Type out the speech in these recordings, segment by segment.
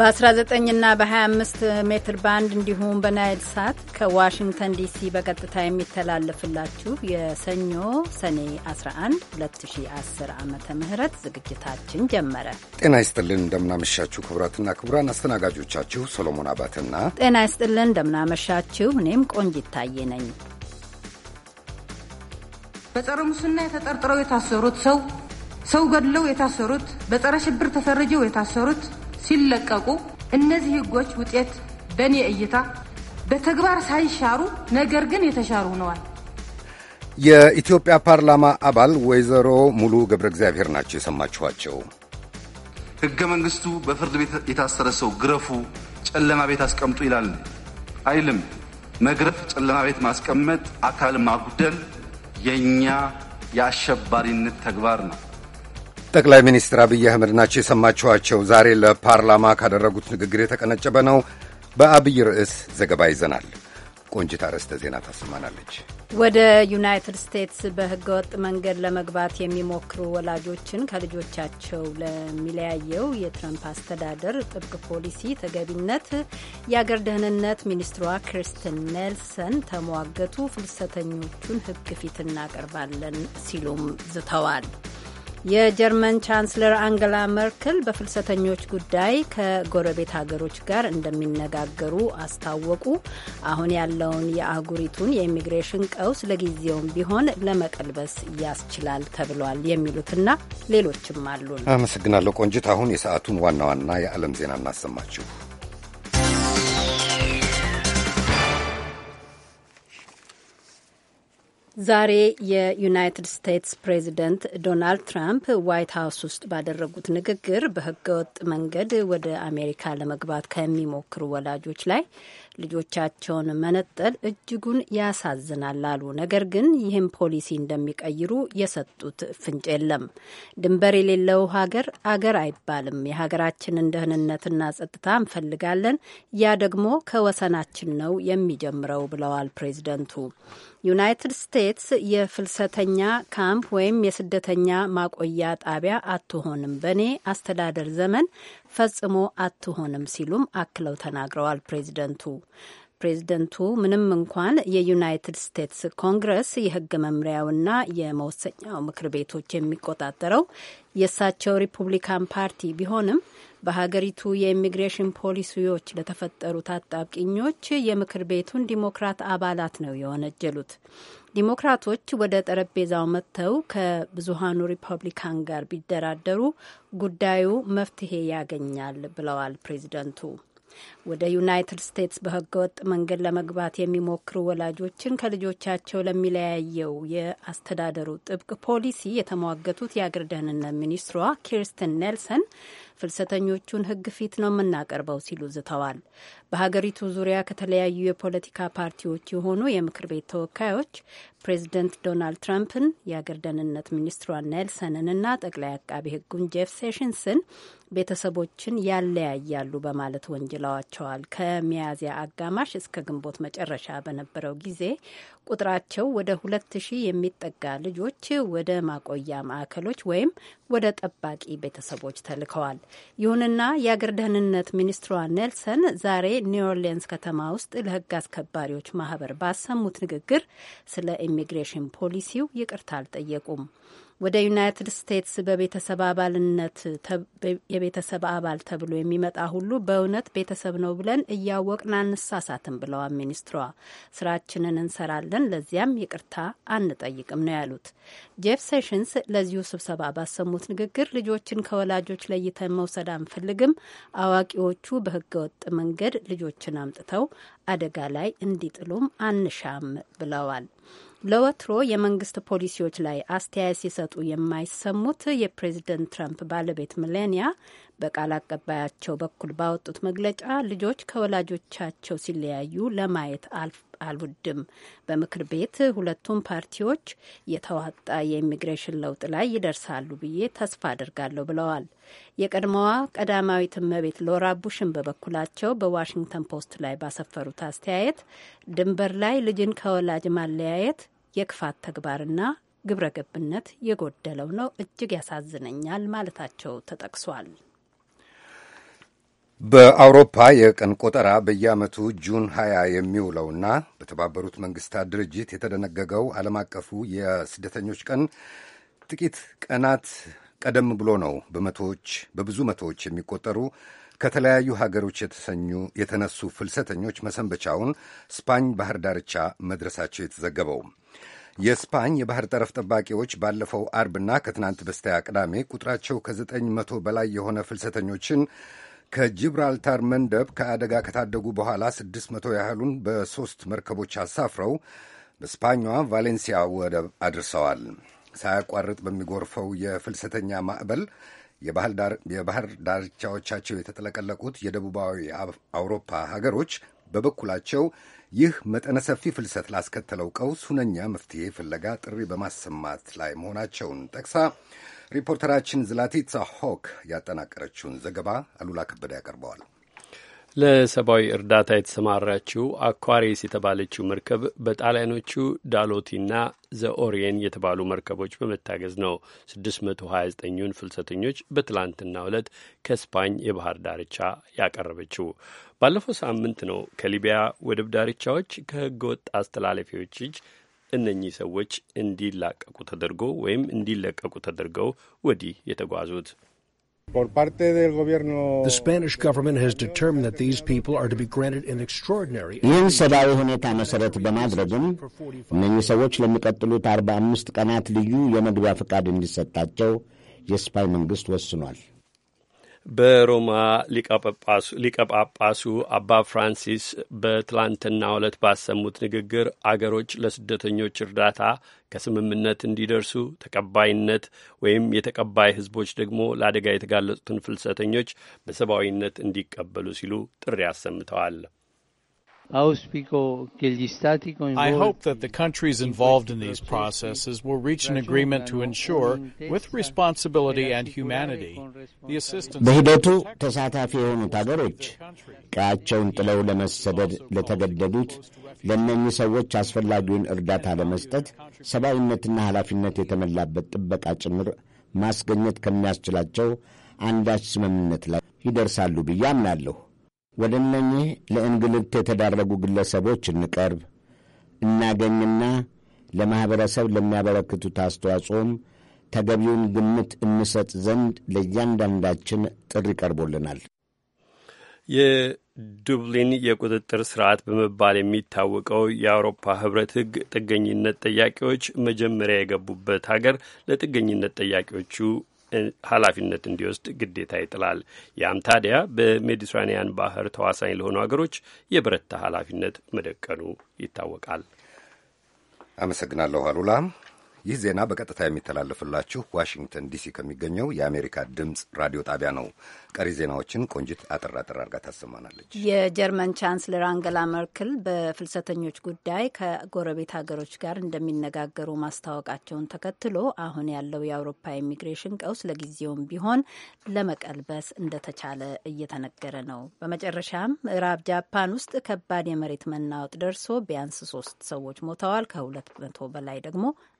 በ19 እና በ25 ሜትር ባንድ እንዲሁም በናይል ሳት ከዋሽንግተን ዲሲ በቀጥታ የሚተላለፍላችሁ የሰኞ ሰኔ 11 2010 ዓ ም ዝግጅታችን ጀመረ። ጤና ይስጥልን እንደምናመሻችሁ ክቡራትና ክቡራን አስተናጋጆቻችሁ ሰሎሞን አባትና ጤና ይስጥልን እንደምናመሻችሁ እኔም ቆንጅ ይታየ ነኝ። በጸረ ሙስና የተጠርጥረው የታሰሩት ሰው ሰው ገድለው የታሰሩት በጸረ ሽብር ተፈርጀው የታሰሩት ሲለቀቁ እነዚህ ህጎች ውጤት በእኔ እይታ በተግባር ሳይሻሩ ነገር ግን የተሻሩ ሆነዋል። የኢትዮጵያ ፓርላማ አባል ወይዘሮ ሙሉ ገብረ እግዚአብሔር ናቸው የሰማችኋቸው። ህገ መንግስቱ በፍርድ ቤት የታሰረ ሰው ግረፉ፣ ጨለማ ቤት አስቀምጡ ይላል አይልም። መግረፍ፣ ጨለማ ቤት ማስቀመጥ፣ አካል ማጉደል የእኛ የአሸባሪነት ተግባር ነው። ጠቅላይ ሚኒስትር አብይ አህመድ ናቸው የሰማችኋቸው። ዛሬ ለፓርላማ ካደረጉት ንግግር የተቀነጨበ ነው። በአብይ ርዕስ ዘገባ ይዘናል። ቆንጅት አርዕስተ ዜና ታሰማናለች። ወደ ዩናይትድ ስቴትስ በህገወጥ መንገድ ለመግባት የሚሞክሩ ወላጆችን ከልጆቻቸው ለሚለያየው የትረምፕ አስተዳደር ጥብቅ ፖሊሲ ተገቢነት የአገር ደህንነት ሚኒስትሯ ክሪስትን ኔልሰን ተሟገቱ። ፍልሰተኞቹን ህግ ፊት እናቀርባለን ሲሉም ዝተዋል። የጀርመን ቻንስለር አንገላ መርክል በፍልሰተኞች ጉዳይ ከጎረቤት ሀገሮች ጋር እንደሚነጋገሩ አስታወቁ። አሁን ያለውን የአህጉሪቱን የኢሚግሬሽን ቀውስ ለጊዜውም ቢሆን ለመቀልበስ ያስችላል ተብሏል። የሚሉትና ሌሎችም አሉ። አመሰግናለሁ ቆንጅት። አሁን የሰዓቱን ዋና ዋና የዓለም ዜና እናሰማችሁ። ዛሬ የዩናይትድ ስቴትስ ፕሬዚደንት ዶናልድ ትራምፕ ዋይት ሀውስ ውስጥ ባደረጉት ንግግር በህገወጥ መንገድ ወደ አሜሪካ ለመግባት ከሚሞክሩ ወላጆች ላይ ልጆቻቸውን መነጠል እጅጉን ያሳዝናል አሉ። ነገር ግን ይህም ፖሊሲ እንደሚቀይሩ የሰጡት ፍንጭ የለም። ድንበር የሌለው ሀገር አገር አይባልም። የሀገራችንን ደህንነትና ጸጥታ እንፈልጋለን። ያ ደግሞ ከወሰናችን ነው የሚጀምረው ብለዋል ፕሬዚደንቱ። ዩናይትድ ስቴትስ የፍልሰተኛ ካምፕ ወይም የስደተኛ ማቆያ ጣቢያ አትሆንም። በእኔ አስተዳደር ዘመን ፈጽሞ አትሆንም ሲሉም አክለው ተናግረዋል ፕሬዚደንቱ። ፕሬዚደንቱ ምንም እንኳን የዩናይትድ ስቴትስ ኮንግረስ የህግ መምሪያውና የመወሰኛው ምክር ቤቶች የሚቆጣጠረው የእሳቸው ሪፑብሊካን ፓርቲ ቢሆንም በሀገሪቱ የኢሚግሬሽን ፖሊሲዎች ለተፈጠሩት አጣብቂኞች የምክር ቤቱን ዲሞክራት አባላት ነው የወነጀሉት። ዲሞክራቶች ወደ ጠረጴዛው መጥተው ከብዙሀኑ ሪፐብሊካን ጋር ቢደራደሩ ጉዳዩ መፍትሄ ያገኛል ብለዋል ፕሬዚደንቱ። ወደ ዩናይትድ ስቴትስ በህገወጥ መንገድ ለመግባት የሚሞክሩ ወላጆችን ከልጆቻቸው ለሚለያየው የአስተዳደሩ ጥብቅ ፖሊሲ የተሟገቱት የአገር ደህንነት ሚኒስትሯ ኪርስትን ኔልሰን ፍልሰተኞቹን ሕግ ፊት ነው የምናቀርበው ሲሉ ዝተዋል። በሀገሪቱ ዙሪያ ከተለያዩ የፖለቲካ ፓርቲዎች የሆኑ የምክር ቤት ተወካዮች ፕሬዚደንት ዶናልድ ትራምፕን፣ የአገር ደህንነት ሚኒስትሯን ኔልሰንንና ጠቅላይ አቃቢ ሕጉን ጄፍ ሴሽንስን ቤተሰቦችን ያለያያሉ በማለት ወንጅለዋቸዋል። ከሚያዝያ አጋማሽ እስከ ግንቦት መጨረሻ በነበረው ጊዜ ቁጥራቸው ወደ ሁለት ሺህ የሚጠጋ ልጆች ወደ ማቆያ ማዕከሎች ወይም ወደ ጠባቂ ቤተሰቦች ተልከዋል። ይሁንና የአገር ደህንነት ሚኒስትሯ ኔልሰን ዛሬ ኒው ከተማ ውስጥ ለህግ አስከባሪዎች ማህበር ባሰሙት ንግግር ስለ ኢሚግሬሽን ፖሊሲው ይቅርታ አልጠየቁም። ወደ ዩናይትድ ስቴትስ በቤተሰብ አባልነት የቤተሰብ አባል ተብሎ የሚመጣ ሁሉ በእውነት ቤተሰብ ነው ብለን እያወቅን አንሳሳትም ብለዋል ሚኒስትሯ። ስራችንን እንሰራለን፣ ለዚያም ይቅርታ አንጠይቅም ነው ያሉት። ጄፍ ሴሽንስ ለዚሁ ስብሰባ ባሰሙት ንግግር ልጆችን ከወላጆች ለይተን መውሰድ አንፈልግም፣ አዋቂዎቹ በህገወጥ መንገድ ልጆችን አምጥተው አደጋ ላይ እንዲጥሉም አንሻም ብለዋል። ለወትሮ የመንግስት ፖሊሲዎች ላይ አስተያየት ሲሰጡ የማይሰሙት የፕሬዝደንት ትራምፕ ባለቤት ሚሌኒያ በቃል አቀባያቸው በኩል ባወጡት መግለጫ ልጆች ከወላጆቻቸው ሲለያዩ ለማየት አልወድም፣ በምክር ቤት ሁለቱም ፓርቲዎች የተዋጣ የኢሚግሬሽን ለውጥ ላይ ይደርሳሉ ብዬ ተስፋ አድርጋለሁ ብለዋል። የቀድሞዋ ቀዳማዊት እመቤት ሎራ ቡሽን በበኩላቸው በዋሽንግተን ፖስት ላይ ባሰፈሩት አስተያየት ድንበር ላይ ልጅን ከወላጅ ማለያየት የክፋት ተግባርና ግብረ ገብነት የጎደለው ነው፣ እጅግ ያሳዝነኛል ማለታቸው ተጠቅሷል። በአውሮፓ የቀን ቆጠራ በየዓመቱ ጁን 20 የሚውለውና በተባበሩት መንግስታት ድርጅት የተደነገገው ዓለም አቀፉ የስደተኞች ቀን ጥቂት ቀናት ቀደም ብሎ ነው በመቶዎች በብዙ መቶዎች የሚቆጠሩ ከተለያዩ ሀገሮች የተሰኙ የተነሱ ፍልሰተኞች መሰንበቻውን ስፓኝ ባህር ዳርቻ መድረሳቸው የተዘገበው። የስፓኝ የባህር ጠረፍ ጠባቂዎች ባለፈው አርብና ከትናንት በስቲያ ቅዳሜ ቁጥራቸው ከዘጠኝ መቶ በላይ የሆነ ፍልሰተኞችን ከጂብራልታር መንደብ ከአደጋ ከታደጉ በኋላ ስድስት መቶ ያህሉን በሦስት መርከቦች አሳፍረው በስፓኛ ቫሌንሲያ ወደብ አድርሰዋል። ሳያቋርጥ በሚጎርፈው የፍልሰተኛ ማዕበል የባህር ዳርቻዎቻቸው የተጠለቀለቁት የደቡባዊ አውሮፓ ሀገሮች በበኩላቸው ይህ መጠነ ሰፊ ፍልሰት ላስከተለው ቀውስ ሁነኛ መፍትሄ ፍለጋ ጥሪ በማሰማት ላይ መሆናቸውን ጠቅሳ ሪፖርተራችን ዝላቲት ሆክ ያጠናቀረችውን ዘገባ አሉላ ከበደ ያቀርበዋል። ለሰብአዊ እርዳታ የተሰማራችው አኳሪስ የተባለችው መርከብ በጣሊያኖቹ ዳሎቲና ዘኦሪየን የተባሉ መርከቦች በመታገዝ ነው 629ኙን ፍልሰተኞች በትላንትና ዕለት ከስፓኝ የባህር ዳርቻ ያቀረበችው። ባለፈው ሳምንት ነው ከሊቢያ ወደብ ዳርቻዎች ከህገ ወጥ አስተላለፊዎች እጅ እነኚህ ሰዎች እንዲላቀቁ ተደርጎ ወይም እንዲለቀቁ ተደርገው ወዲህ የተጓዙት። The Spanish government has determined that these people are to be granted an extraordinary. ይህን ሰብአዊ ሁኔታ መሰረት በማድረግም እነኚህ ሰዎች ለሚቀጥሉት ቀናት ልዩ የመግቢያ ፈቃድ እንዲሰጣቸው ወስኗል። በሮማ ሊቀ ጳጳሱ አባ ፍራንሲስ በትላንትና ዕለት ባሰሙት ንግግር አገሮች ለስደተኞች እርዳታ ከስምምነት እንዲደርሱ ተቀባይነት ወይም የተቀባይ ሕዝቦች ደግሞ ለአደጋ የተጋለጡትን ፍልሰተኞች በሰብአዊነት እንዲቀበሉ ሲሉ ጥሪ አሰምተዋል። I hope that the countries involved in these processes will reach an agreement to ensure, with responsibility and humanity, the assistance በሂደቱ ተሳታፊ የሆኑ ሀገሮች ቀያቸውን ጥለው ለመሰደድ ለተገደዱት ለእነኚህ ሰዎች አስፈላጊውን እርዳታ ለመስጠት ሰብአዊነትና ኃላፊነት የተሞላበት ጥበቃ ጭምር ማስገኘት ከሚያስችላቸው አንዳች ስምምነት ላይ ይደርሳሉ ብዬ አምናለሁ። ወደ እነኚህ ለእንግልት የተዳረጉ ግለሰቦች እንቀርብ እናገኝና ለማኅበረሰብ ለሚያበረክቱት አስተዋጽኦም ተገቢውን ግምት እንሰጥ ዘንድ ለእያንዳንዳችን ጥሪ ቀርቦልናል። የዱብሊን የቁጥጥር ስርዓት በመባል የሚታወቀው የአውሮፓ ህብረት ህግ ጥገኝነት ጠያቂዎች መጀመሪያ የገቡበት ሀገር ለጥገኝነት ጠያቂዎቹ ኃላፊነት እንዲወስድ ግዴታ ይጥላል። ያም ታዲያ በሜዲትራኒያን ባህር ተዋሳኝ ለሆኑ አገሮች የበረታ ኃላፊነት መደቀኑ ይታወቃል። አመሰግናለሁ አሉላ። ይህ ዜና በቀጥታ የሚተላለፍላችሁ ዋሽንግተን ዲሲ ከሚገኘው የአሜሪካ ድምፅ ራዲዮ ጣቢያ ነው። ቀሪ ዜናዎችን ቆንጅት አጠር አጠር ታሰማናለች። የጀርመን ቻንስለር አንገላ መርክል በፍልሰተኞች ጉዳይ ከጎረቤት ሀገሮች ጋር እንደሚነጋገሩ ማስታወቃቸውን ተከትሎ አሁን ያለው የአውሮፓ ኢሚግሬሽን ቀውስ ለጊዜውም ቢሆን ለመቀልበስ እንደተቻለ እየተነገረ ነው። በመጨረሻም ምዕራብ ጃፓን ውስጥ ከባድ የመሬት መናወጥ ደርሶ ቢያንስ ሶስት ሰዎች ሞተዋል ከሁለት መቶ በላይ ደግሞ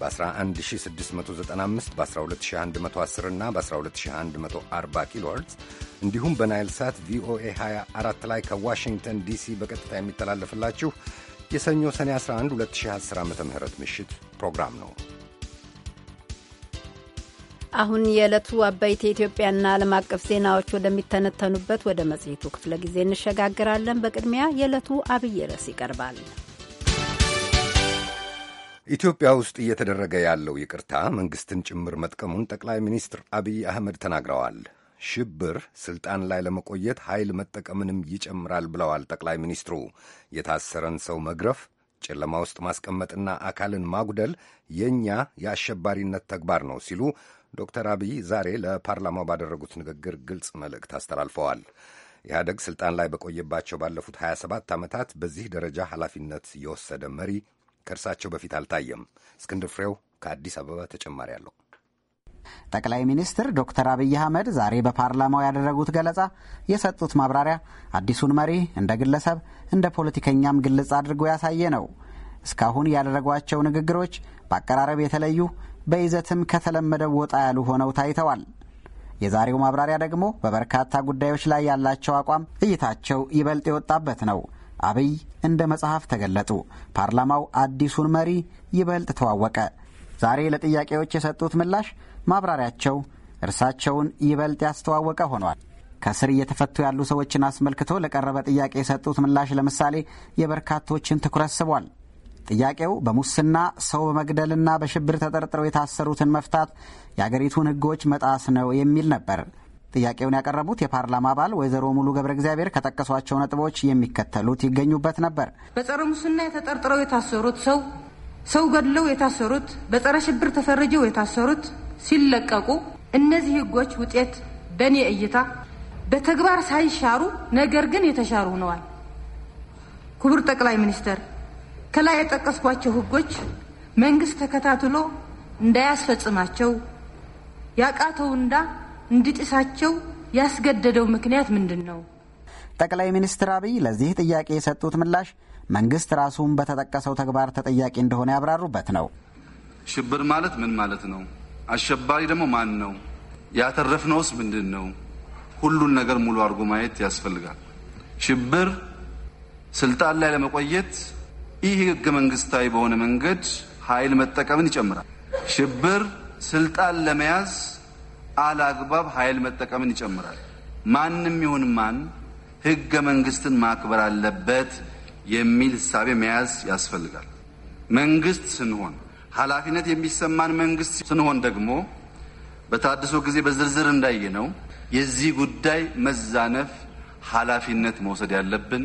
በ11695 በ12110 እና በ12140 ኪሎ ሄርትዝ እንዲሁም በናይል ሳት ቪኦኤ 24 ላይ ከዋሽንግተን ዲሲ በቀጥታ የሚተላለፍላችሁ የሰኞ ሰኔ 11 2010 ዓ ም ምሽት ፕሮግራም ነው። አሁን የዕለቱ አበይት የኢትዮጵያና ዓለም አቀፍ ዜናዎች ወደሚተነተኑበት ወደ መጽሔቱ ክፍለ ጊዜ እንሸጋግራለን። በቅድሚያ የዕለቱ አብይ ርዕስ ይቀርባል። ኢትዮጵያ ውስጥ እየተደረገ ያለው ይቅርታ መንግስትን ጭምር መጥቀሙን ጠቅላይ ሚኒስትር አብይ አህመድ ተናግረዋል። ሽብር ስልጣን ላይ ለመቆየት ኃይል መጠቀምንም ይጨምራል ብለዋል ጠቅላይ ሚኒስትሩ። የታሰረን ሰው መግረፍ፣ ጨለማ ውስጥ ማስቀመጥና አካልን ማጉደል የእኛ የአሸባሪነት ተግባር ነው ሲሉ ዶክተር አብይ ዛሬ ለፓርላማው ባደረጉት ንግግር ግልጽ መልእክት አስተላልፈዋል። ኢህአደግ ስልጣን ላይ በቆየባቸው ባለፉት 27 ዓመታት በዚህ ደረጃ ኃላፊነት የወሰደ መሪ ከእርሳቸው በፊት አልታየም። እስክንድር ፍሬው ከአዲስ አበባ ተጨማሪ አለው። ጠቅላይ ሚኒስትር ዶክተር አብይ አህመድ ዛሬ በፓርላማው ያደረጉት ገለጻ፣ የሰጡት ማብራሪያ አዲሱን መሪ እንደ ግለሰብ እንደ ፖለቲከኛም ግልጽ አድርጎ ያሳየ ነው። እስካሁን ያደረጓቸው ንግግሮች በአቀራረብ የተለዩ በይዘትም ከተለመደው ወጣ ያሉ ሆነው ታይተዋል። የዛሬው ማብራሪያ ደግሞ በበርካታ ጉዳዮች ላይ ያላቸው አቋም እይታቸው ይበልጥ የወጣበት ነው። አብይ እንደ መጽሐፍ ተገለጡ። ፓርላማው አዲሱን መሪ ይበልጥ ተዋወቀ። ዛሬ ለጥያቄዎች የሰጡት ምላሽ ማብራሪያቸው እርሳቸውን ይበልጥ ያስተዋወቀ ሆኗል። ከስር እየተፈቱ ያሉ ሰዎችን አስመልክቶ ለቀረበ ጥያቄ የሰጡት ምላሽ ለምሳሌ የበርካቶችን ትኩረት ስቧል። ጥያቄው በሙስና ሰው በመግደልና በሽብር ተጠርጥረው የታሰሩትን መፍታት የአገሪቱን ሕጎች መጣስ ነው የሚል ነበር። ጥያቄውን ያቀረቡት የፓርላማ አባል ወይዘሮ ሙሉ ገብረ እግዚአብሔር ከጠቀሷቸው ነጥቦች የሚከተሉት ይገኙበት ነበር። በጸረ ሙስና የተጠርጥረው የታሰሩት ሰው ሰው ገድለው የታሰሩት በጸረ ሽብር ተፈርጀው የታሰሩት ሲለቀቁ እነዚህ ሕጎች ውጤት በእኔ እይታ በተግባር ሳይሻሩ ነገር ግን የተሻሩ ሆነዋል። ክቡር ጠቅላይ ሚኒስተር፣ ከላይ የጠቀስኳቸው ሕጎች መንግስት ተከታትሎ እንዳያስፈጽማቸው ያቃተው እንዳ እንዲጥሳቸው ያስገደደው ምክንያት ምንድን ነው? ጠቅላይ ሚኒስትር አብይ ለዚህ ጥያቄ የሰጡት ምላሽ መንግስት ራሱን በተጠቀሰው ተግባር ተጠያቂ እንደሆነ ያብራሩበት ነው። ሽብር ማለት ምን ማለት ነው? አሸባሪ ደግሞ ማን ነው? ያተረፍነውስ ምንድን ነው? ሁሉን ነገር ሙሉ አድርጎ ማየት ያስፈልጋል። ሽብር ስልጣን ላይ ለመቆየት ይህ ህገ መንግስታዊ በሆነ መንገድ ኃይል መጠቀምን ይጨምራል። ሽብር ስልጣን ለመያዝ አላግባብ ኃይል መጠቀምን ይጨምራል። ማንም ይሁን ማን ህገ መንግስትን ማክበር አለበት የሚል ህሳቤ መያዝ ያስፈልጋል። መንግስት ስንሆን ኃላፊነት የሚሰማን መንግስት ስንሆን ደግሞ በታድሶ ጊዜ በዝርዝር እንዳየነው ነው የዚህ ጉዳይ መዛነፍ ኃላፊነት መውሰድ ያለብን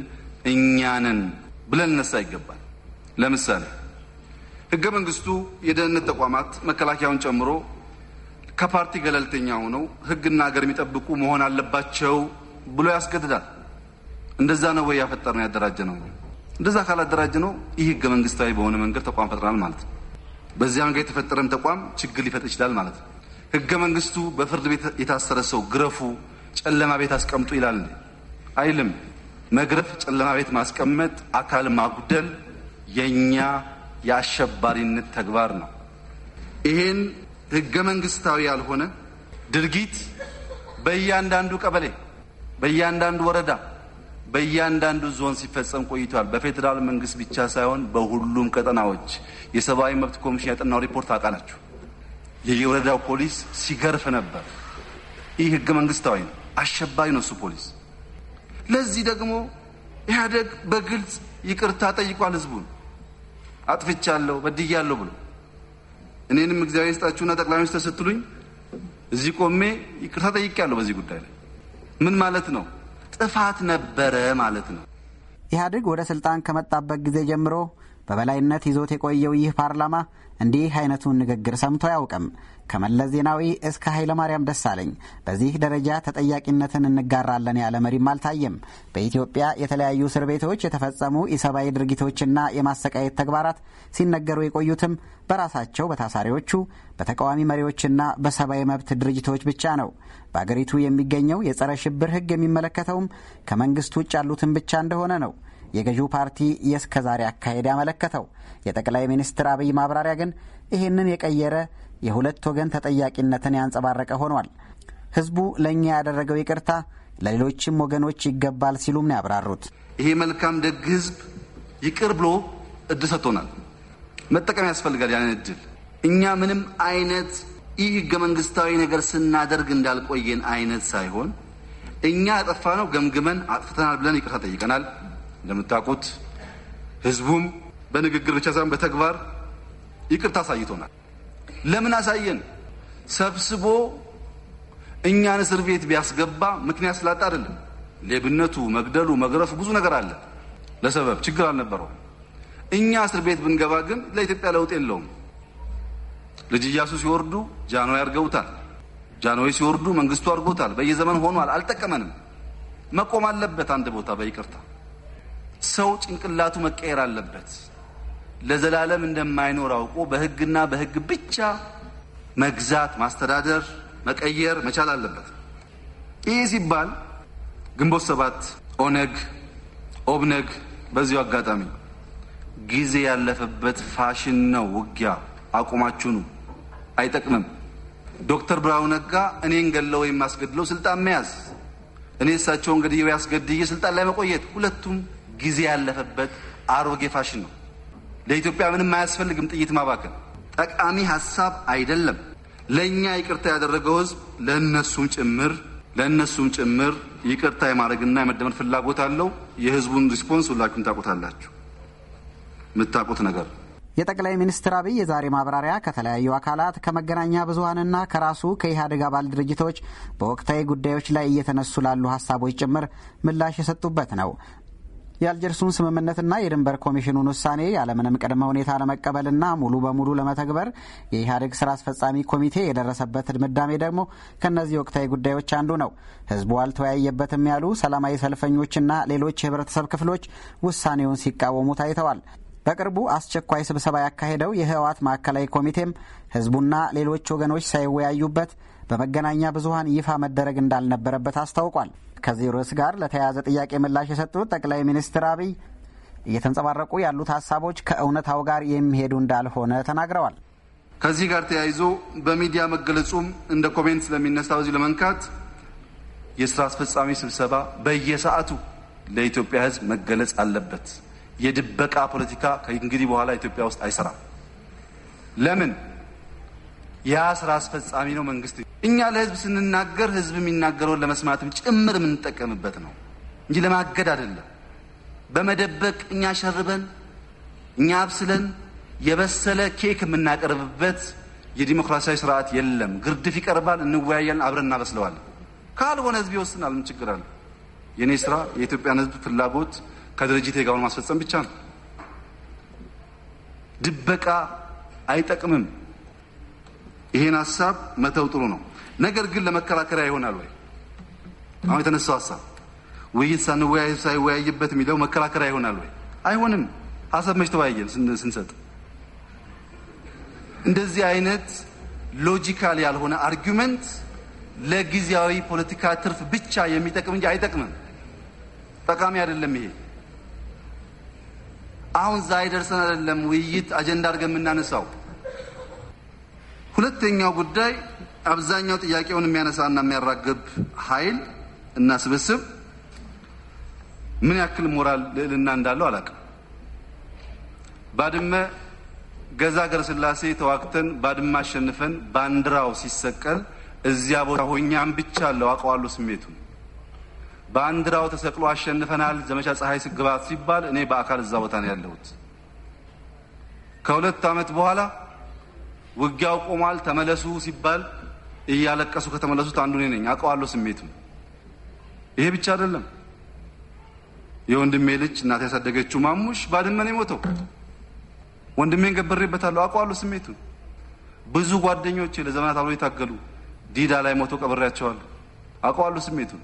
እኛንን ብለን ነሳ ይገባል። ለምሳሌ ህገ መንግስቱ የደህንነት ተቋማት መከላከያውን ጨምሮ ከፓርቲ ገለልተኛ ሆነው ህግና ሀገር የሚጠብቁ መሆን አለባቸው ብሎ ያስገድዳል። እንደዛ ነው ወይ ያፈጠር ነው ያደራጀ ነው? እንደዛ ካላደራጀ ነው ይህ ህገ መንግስታዊ በሆነ መንገድ ተቋም ፈጥራል ማለት ነው። በዚያ መንገድ የተፈጠረም ተቋም ችግር ሊፈጥር ይችላል ማለት ነው። ህገ መንግስቱ በፍርድ ቤት የታሰረ ሰው ግረፉ፣ ጨለማ ቤት አስቀምጡ ይላል አይልም። መግረፍ፣ ጨለማ ቤት ማስቀመጥ፣ አካል ማጉደል የእኛ የአሸባሪነት ተግባር ነው። ይሄን ህገ መንግስታዊ ያልሆነ ድርጊት በእያንዳንዱ ቀበሌ፣ በእያንዳንዱ ወረዳ፣ በእያንዳንዱ ዞን ሲፈጸም ቆይቷል። በፌዴራል መንግስት ብቻ ሳይሆን በሁሉም ቀጠናዎች የሰብአዊ መብት ኮሚሽን ያጠናው ሪፖርት አውቃላችሁ። የየወረዳው ፖሊስ ሲገርፍ ነበር። ይህ ህገ መንግስታዊ ነው። አሸባሪ ነው እሱ ፖሊስ። ለዚህ ደግሞ ኢህአዴግ በግልጽ ይቅርታ ጠይቋል። ህዝቡን አጥፍቻለሁ በድያለሁ ብሎ እኔንም እግዚአብሔር ይስጣችሁና ጠቅላይ ሚኒስትር ስትሉኝ እዚህ ቆሜ ይቅርታ ጠይቄያለሁ። በዚህ ጉዳይ ላይ ምን ማለት ነው? ጥፋት ነበረ ማለት ነው። ኢህአዴግ ወደ ስልጣን ከመጣበት ጊዜ ጀምሮ በበላይነት ይዞት የቆየው ይህ ፓርላማ እንዲህ አይነቱን ንግግር ሰምቶ አያውቅም። ከመለስ ዜናዊ እስከ ኃይለማርያም ደሳለኝ በዚህ ደረጃ ተጠያቂነትን እንጋራለን ያለ መሪም አልታየም። በኢትዮጵያ የተለያዩ እስር ቤቶች የተፈጸሙ ኢሰብአዊ ድርጊቶችና የማሰቃየት ተግባራት ሲነገሩ የቆዩትም በራሳቸው በታሳሪዎቹ በተቃዋሚ መሪዎችና በሰብአዊ መብት ድርጅቶች ብቻ ነው። በአገሪቱ የሚገኘው የጸረ ሽብር ሕግ የሚመለከተውም ከመንግስት ውጭ ያሉትን ብቻ እንደሆነ ነው የገዢው ፓርቲ የእስከዛሬ አካሄድ ያመለከተው። የጠቅላይ ሚኒስትር አብይ ማብራሪያ ግን ይህንን የቀየረ የሁለት ወገን ተጠያቂነትን ያንጸባረቀ ሆኗል። ህዝቡ ለእኛ ያደረገው ይቅርታ ለሌሎችም ወገኖች ይገባል ሲሉም ነው ያብራሩት። ይሄ መልካም ደግ ህዝብ ይቅር ብሎ እድል ሰጥቶናል። መጠቀም ያስፈልጋል ያንን እድል። እኛ ምንም አይነት ይህ ህገ መንግስታዊ ነገር ስናደርግ እንዳልቆየን አይነት ሳይሆን እኛ ነው ገምግመን አጥፍተናል ብለን ይቅርታ ጠይቀናል። እንደምታውቁት ህዝቡም በንግግር ብቻ ሳይሆን በተግባር ይቅርታ አሳይቶናል። ለምን አሳየን? ሰብስቦ እኛን እስር ቤት ቢያስገባ ምክንያት ስላጣ አይደለም። ሌብነቱ፣ መግደሉ፣ መግረፉ ብዙ ነገር አለ። ለሰበብ ችግር አልነበረውም። እኛ እስር ቤት ብንገባ ግን ለኢትዮጵያ ለውጥ የለውም። ልጅ ኢያሱ ሲወርዱ ጃንሆይ አድርገውታል። ጃንሆይ ሲወርዱ መንግስቱ አድርጎታል። በየዘመን ሆኗል። አልጠቀመንም። መቆም አለበት አንድ ቦታ በይቅርታ ሰው ጭንቅላቱ መቀየር አለበት። ለዘላለም እንደማይኖር አውቆ በህግና በህግ ብቻ መግዛት፣ ማስተዳደር፣ መቀየር መቻል አለበት። ይህ ሲባል ግንቦት ሰባት፣ ኦነግ፣ ኦብነግ በዚሁ አጋጣሚ ጊዜ ያለፈበት ፋሽን ነው። ውጊያ አቁማችሁ ነው፣ አይጠቅምም። ዶክተር ብርሃኑ ነጋ እኔን ገለው ወይም አስገድለው ስልጣን መያዝ፣ እኔ እሳቸውን ገድዬ ያስገድዬ ስልጣን ላይ መቆየት፣ ሁለቱም ጊዜ ያለፈበት አሮጌ ፋሽን ነው። ለኢትዮጵያ ምንም አያስፈልግም ጥይት ማባከን። ጠቃሚ ሀሳብ አይደለም። ለእኛ ይቅርታ ያደረገው ህዝብ ለእነሱም ጭምር ለእነሱም ጭምር ይቅርታ የማድረግና የመደመር ፍላጎት አለው። የህዝቡን ሪስፖንስ ሁላችሁም ታውቁታላችሁ፣ የምታውቁት ነገር የጠቅላይ ሚኒስትር አብይ የዛሬ ማብራሪያ ከተለያዩ አካላት ከመገናኛ ብዙሀንና ከራሱ ከኢህአዴግ አባል ድርጅቶች በወቅታዊ ጉዳዮች ላይ እየተነሱ ላሉ ሀሳቦች ጭምር ምላሽ የሰጡበት ነው። የአልጀርሱን ስምምነትና የድንበር ኮሚሽኑን ውሳኔ ያለምንም ቅድመ ሁኔታ ለመቀበልና ሙሉ በሙሉ ለመተግበር የኢህአዴግ ስራ አስፈጻሚ ኮሚቴ የደረሰበት ድምዳሜ ደግሞ ከእነዚህ ወቅታዊ ጉዳዮች አንዱ ነው። ህዝቡ አልተወያየበትም ያሉ ሰላማዊ ሰልፈኞችና ሌሎች የህብረተሰብ ክፍሎች ውሳኔውን ሲቃወሙ ታይተዋል። በቅርቡ አስቸኳይ ስብሰባ ያካሄደው የህወሓት ማዕከላዊ ኮሚቴም ህዝቡና ሌሎች ወገኖች ሳይወያዩበት በመገናኛ ብዙሀን ይፋ መደረግ እንዳልነበረበት አስታውቋል። ከዚህ ርዕስ ጋር ለተያያዘ ጥያቄ ምላሽ የሰጡት ጠቅላይ ሚኒስትር አብይ እየተንጸባረቁ ያሉት ሀሳቦች ከእውነታው ጋር የሚሄዱ እንዳልሆነ ተናግረዋል። ከዚህ ጋር ተያይዞ በሚዲያ መገለጹም እንደ ኮሜንት ስለሚነሳው እዚህ ለመንካት የስራ አስፈጻሚ ስብሰባ በየሰዓቱ ለኢትዮጵያ ሕዝብ መገለጽ አለበት። የድበቃ ፖለቲካ ከእንግዲህ በኋላ ኢትዮጵያ ውስጥ አይሰራም። ለምን ያ ስራ አስፈጻሚ ነው መንግስት። እኛ ለህዝብ ስንናገር ህዝብ የሚናገረውን ለመስማትም ጭምር የምንጠቀምበት ነው እንጂ ለማገድ አይደለም። በመደበቅ እኛ ሸርበን እኛ አብስለን የበሰለ ኬክ የምናቀርብበት የዲሞክራሲያዊ ስርዓት የለም። ግርድፍ ይቀርባል፣ እንወያያለን፣ አብረን እናበስለዋለን። ካልሆነ ህዝብ ይወስናል። ምን ችግር አለ? የእኔ ስራ የኢትዮጵያን ህዝብ ፍላጎት ከድርጅት የጋውን ማስፈጸም ብቻ ነው። ድበቃ አይጠቅምም። ይሄን ሀሳብ መተው ጥሩ ነው። ነገር ግን ለመከራከሪያ ይሆናል ወይ? አሁን የተነሳው ሀሳብ ውይይት ሳንወያይ ሳይወያይበት የሚለው መከራከሪያ ይሆናል ወይ? አይሆንም። ሀሳብ መች ተወያየን ስንሰጥ። እንደዚህ አይነት ሎጂካል ያልሆነ አርጊመንት ለጊዜያዊ ፖለቲካ ትርፍ ብቻ የሚጠቅም እንጂ አይጠቅምም። ጠቃሚ አይደለም። ይሄ አሁን ዛ አይደርሰን አይደለም ውይይት አጀንዳ አድርገን የምናነሳው ሁለተኛው ጉዳይ አብዛኛው ጥያቄውን የሚያነሳና የሚያራግብ ኃይል እና ስብስብ ምን ያክል ሞራል ልዕልና እንዳለው አላውቅም። ባድመ ገዛ ገር ስላሴ ተዋግተን ባድመ አሸንፈን ባንዲራው ሲሰቀል እዚያ ቦታ ሆኛም ብቻ አለው አውቀዋለሁ ስሜቱ። ባንዲራው ተሰቅሎ አሸንፈናል ዘመቻ ፀሐይ ስግባት ሲባል እኔ በአካል እዛ ቦታ ነው ያለሁት። ከሁለት ዓመት በኋላ ውጊያው ቆሟል ተመለሱ ሲባል እያለቀሱ ከተመለሱት አንዱ እኔ ነኝ። አውቀዋለሁ ስሜቱም። ይሄ ብቻ አይደለም። የወንድሜ ልጅ እናት ያሳደገችው ማሙሽ ባድመ ነው የሞተው። ወንድሜን ገብሬበታለሁ። አውቀዋለሁ ስሜቱን። ብዙ ጓደኞቼ ለዘመናት አብሮ የታገሉ ዲዳ ላይ ሞተው ቀብሬያቸዋለሁ። አውቀዋለሁ ስሜቱን።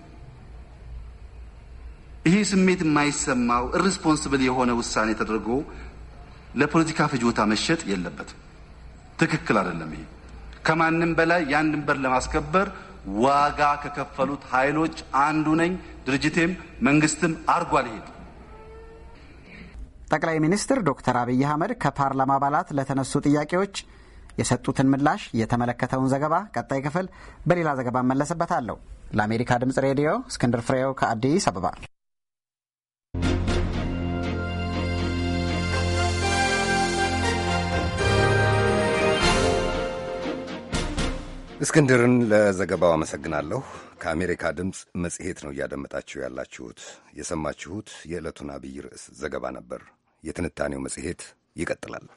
ይህ ስሜት የማይሰማው ሪስፖንስብል የሆነ ውሳኔ ተደርጎ ለፖለቲካ ፍጆታ መሸጥ የለበትም። ትክክል አይደለም። ይሄ ከማንም በላይ ያን ድንበር ለማስከበር ዋጋ ከከፈሉት ኃይሎች አንዱ ነኝ። ድርጅቴም መንግስትም አርጓል። ይሄ ጠቅላይ ሚኒስትር ዶክተር አብይ አህመድ ከፓርላማ አባላት ለተነሱ ጥያቄዎች የሰጡትን ምላሽ የተመለከተውን ዘገባ ቀጣይ ክፍል በሌላ ዘገባ እመለስበታለሁ። ለአሜሪካ ድምጽ ሬዲዮ እስክንድር ፍሬው ከአዲስ አበባ እስክንድርን ለዘገባው አመሰግናለሁ። ከአሜሪካ ድምፅ መጽሔት ነው እያደመጣችሁ ያላችሁት። የሰማችሁት የዕለቱን አብይ ርዕስ ዘገባ ነበር። የትንታኔው መጽሔት ይቀጥላል።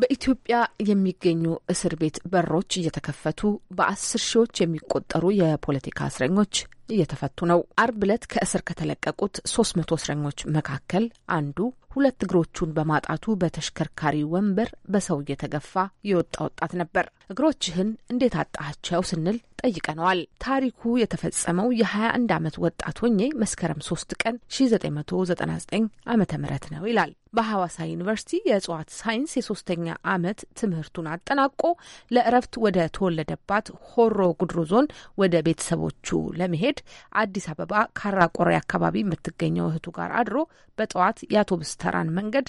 በኢትዮጵያ የሚገኙ እስር ቤት በሮች እየተከፈቱ በአስር ሺዎች የሚቆጠሩ የፖለቲካ እስረኞች እየተፈቱ ነው። አርብ ዕለት ከእስር ከተለቀቁት ሶስት መቶ እስረኞች መካከል አንዱ ሁለት እግሮቹን በማጣቱ በተሽከርካሪ ወንበር በሰው እየተገፋ የወጣ ወጣት ነበር። እግሮችህን እንዴት አጣቸው ስንል ጠይቀነዋል። ታሪኩ የተፈጸመው የ21 ዓመት ወጣት ሆኜ መስከረም 3 ቀን 1999 ዓ ም ነው ይላል። በሐዋሳ ዩኒቨርሲቲ የእጽዋት ሳይንስ የሶስተኛ ዓመት ትምህርቱን አጠናቆ ለእረፍት ወደ ተወለደባት ሆሮ ጉድሮ ዞን ወደ ቤተሰቦቹ ለመሄድ አዲስ አበባ ካራቆሬ አካባቢ የምትገኘው እህቱ ጋር አድሮ በጠዋት የአውቶብስ ተራን መንገድ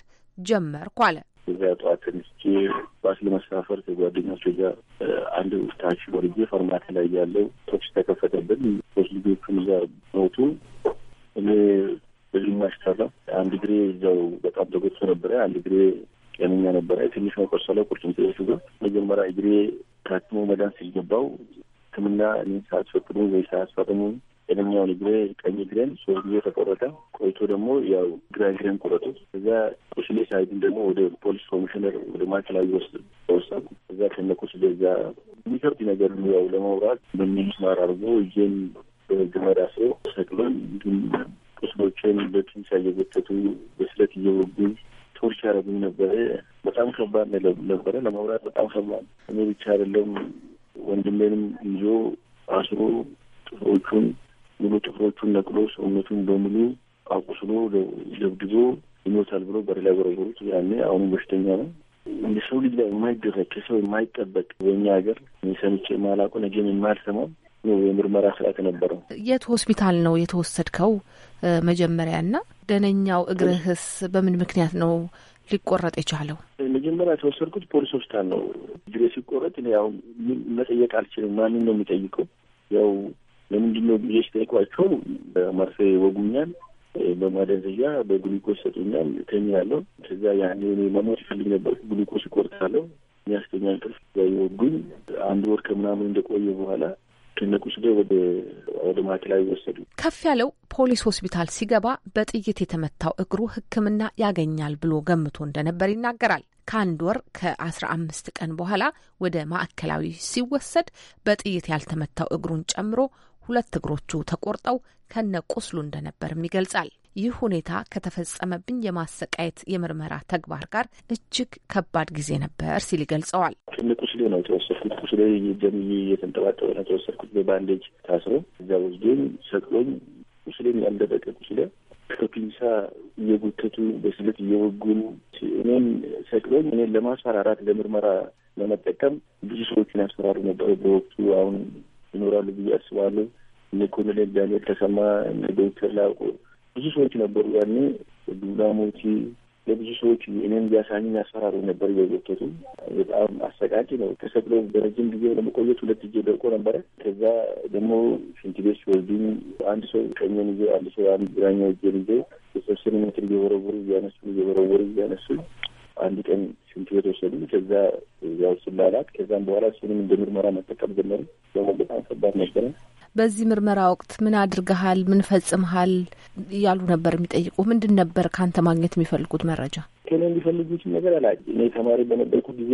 ጀመርኩ አለ። እዚያ ጠዋት ተነስቼ ባስ ለመሳፈር ከጓደኞች ጋር አንድ ታክሲ ወርጄ ፈርማታ ላይ ያለው ተኩስ ተከፈተብን። ሶስት ልጆቹም እዛ ሞቱ። እኔ በግማሽ ቀረ። አንድ እግሬ እዛው በጣም ተጎድቶ ነበረ። አንድ እግሬ ጤነኛ ነበረ። ትንሽ መቆሰለ ቁርጭምጭሚቱ ጋር መጀመሪያ እግሬ ታክሞ መዳን ሲገባው ሕክምና ሳያስፈቅሙ ወይ ሳያስፈቅሙ ቀደኛውን እግሬ ቀኝ እግሬን ሶስት ጊዜ ተቆረጠ። ቆይቶ ደግሞ ያው ግራ እግሬን ቆረጡ። እዛ ቁስሌ ሳይድን ደግሞ ወደ ፖሊስ ኮሚሽነር ወደ ማዕከላዊ ወስድ ተወሰዱ። እዛ ከነ ቁስሌ እዛ የሚከብድ ነገር ያው ለማውራት በሚስማር አድርጎ እጄን በገመድ አስሮ ሰቅሎን እንዲሁም ቁስሎችን በፒንሳ እየጎተቱ በስለት እየወጉኝ ቶርች ያደረጉኝ ነበረ። በጣም ከባድ ነበረ ለማውራት በጣም ከባድ እኔ ብቻ አይደለም ወንድሜንም ይዞ አስሮ ጥፍሮቹን ሙሉ ጥፍሮቹን ነቅሎ ሰውነቱን በሙሉ አቁስሎ ደብድቦ ይሞታል ብሎ በሬ ላይ ጎረጎሩት። ያኔ አሁኑ በሽተኛ ነው። ሰው ልጅ ላይ የማይደረግ ከሰው የማይጠበቅ በእኛ ሀገር ሰምቼ የማላውቀው ነገም የማልሰማው የምርመራ ስርዓት ነበረው። የት ሆስፒታል ነው የተወሰድከው መጀመሪያ? ና ደነኛው እግርህስ በምን ምክንያት ነው ሊቆረጥ የቻለው? መጀመሪያ የተወሰድኩት ፖሊስ ሆስፒታል ነው። እግሬ ሲቆረጥ ያው መጠየቅ አልችልም። ማንም ነው የሚጠይቀው። ያው ለምንድን ነው ብዬ ሲጠይቋቸው መርፌ ወጉኛል፣ በማደንዘዣ በግሉኮስ ሰጡኛል። እተኛለሁ። ከዚያ ያኔ መሞት ፈልግ ነበር። ግሉኮስ ይቆርጣለሁ የሚያስተኛ እንቅልፍ ወጉኝ። አንድ ወር ከምናምን እንደቆየ በኋላ ከነ ቁስሌ ወደ ወደ ማዕከላዊ ወሰዱ። ከፍ ያለው ፖሊስ ሆስፒታል ሲገባ በጥይት የተመታው እግሩ ሕክምና ያገኛል ብሎ ገምቶ እንደነበር ይናገራል። ከአንድ ወር ከአስራ አምስት ቀን በኋላ ወደ ማዕከላዊ ሲወሰድ በጥይት ያልተመታው እግሩን ጨምሮ ሁለት እግሮቹ ተቆርጠው ከነ ቁስሉ እንደነበርም ይገልጻል። ይህ ሁኔታ ከተፈጸመብኝ የማሰቃየት የምርመራ ተግባር ጋር እጅግ ከባድ ጊዜ ነበር ሲል ይገልጸዋል። ትልቁ ስሌ ነው የተወሰድኩት። ቁስሌ ጀምዬ እየተንጠባጠበ ነው የተወሰድኩት። በባንዴጅ ታስሮ እዛ ወስዶኝ ሰቅሎኝ ቁስሌን ያልደረቀ ቁስሌ ከፒንሳ እየጎተቱ በስለት እየወጉን እኔን ሰቅሎኝ እኔን ለማስፈራራት ለምርመራ ለመጠቀም ብዙ ሰዎችን ያስፈራሩ ነበር በወቅቱ አሁን ይኖራሉ ብዬ አስባለሁ። እነ ኮሎኔል ዳንኤል ተሰማ፣ እነ ዶክተር ላቆ ብዙ ሰዎች ነበሩ ያኔ ዱላ ሞቲ ለብዙ ሰዎች እኔም ቢያሳኝን ያስፈራሩ ነበር እየጎተቱ በጣም አሰቃቂ ነው። ተሰቅሎ በረጅም ጊዜ ለመቆየት ሁለት እጄ ደርቆ ነበረ። ከዛ ደግሞ ሽንት ቤት ሲወስዱኝ አንድ ሰው ቀኝን ይዞ አንድ ሰው አንድ ግራኛ እጄን ይዞ የሰብስን ሜትር እየወረወሩ እያነሱ እየወረወሩ እያነሱ አንድ ቀን ሽንት ቤት ወሰዱ። ከዛ ያው ስላላት ከዛም በኋላ እሱንም እንደ ምርመራ መጠቀም ጀመሩ። ደግሞ በጣም ከባድ ነበረ። በዚህ ምርመራ ወቅት ምን አድርገሃል፣ ምን ፈጽመሃል እያሉ ነበር የሚጠይቁ? ምንድን ነበር ከአንተ ማግኘት የሚፈልጉት መረጃ? ከእኔ የሚፈልጉት ነገር አላውቅም። እኔ ተማሪ በነበርኩ ጊዜ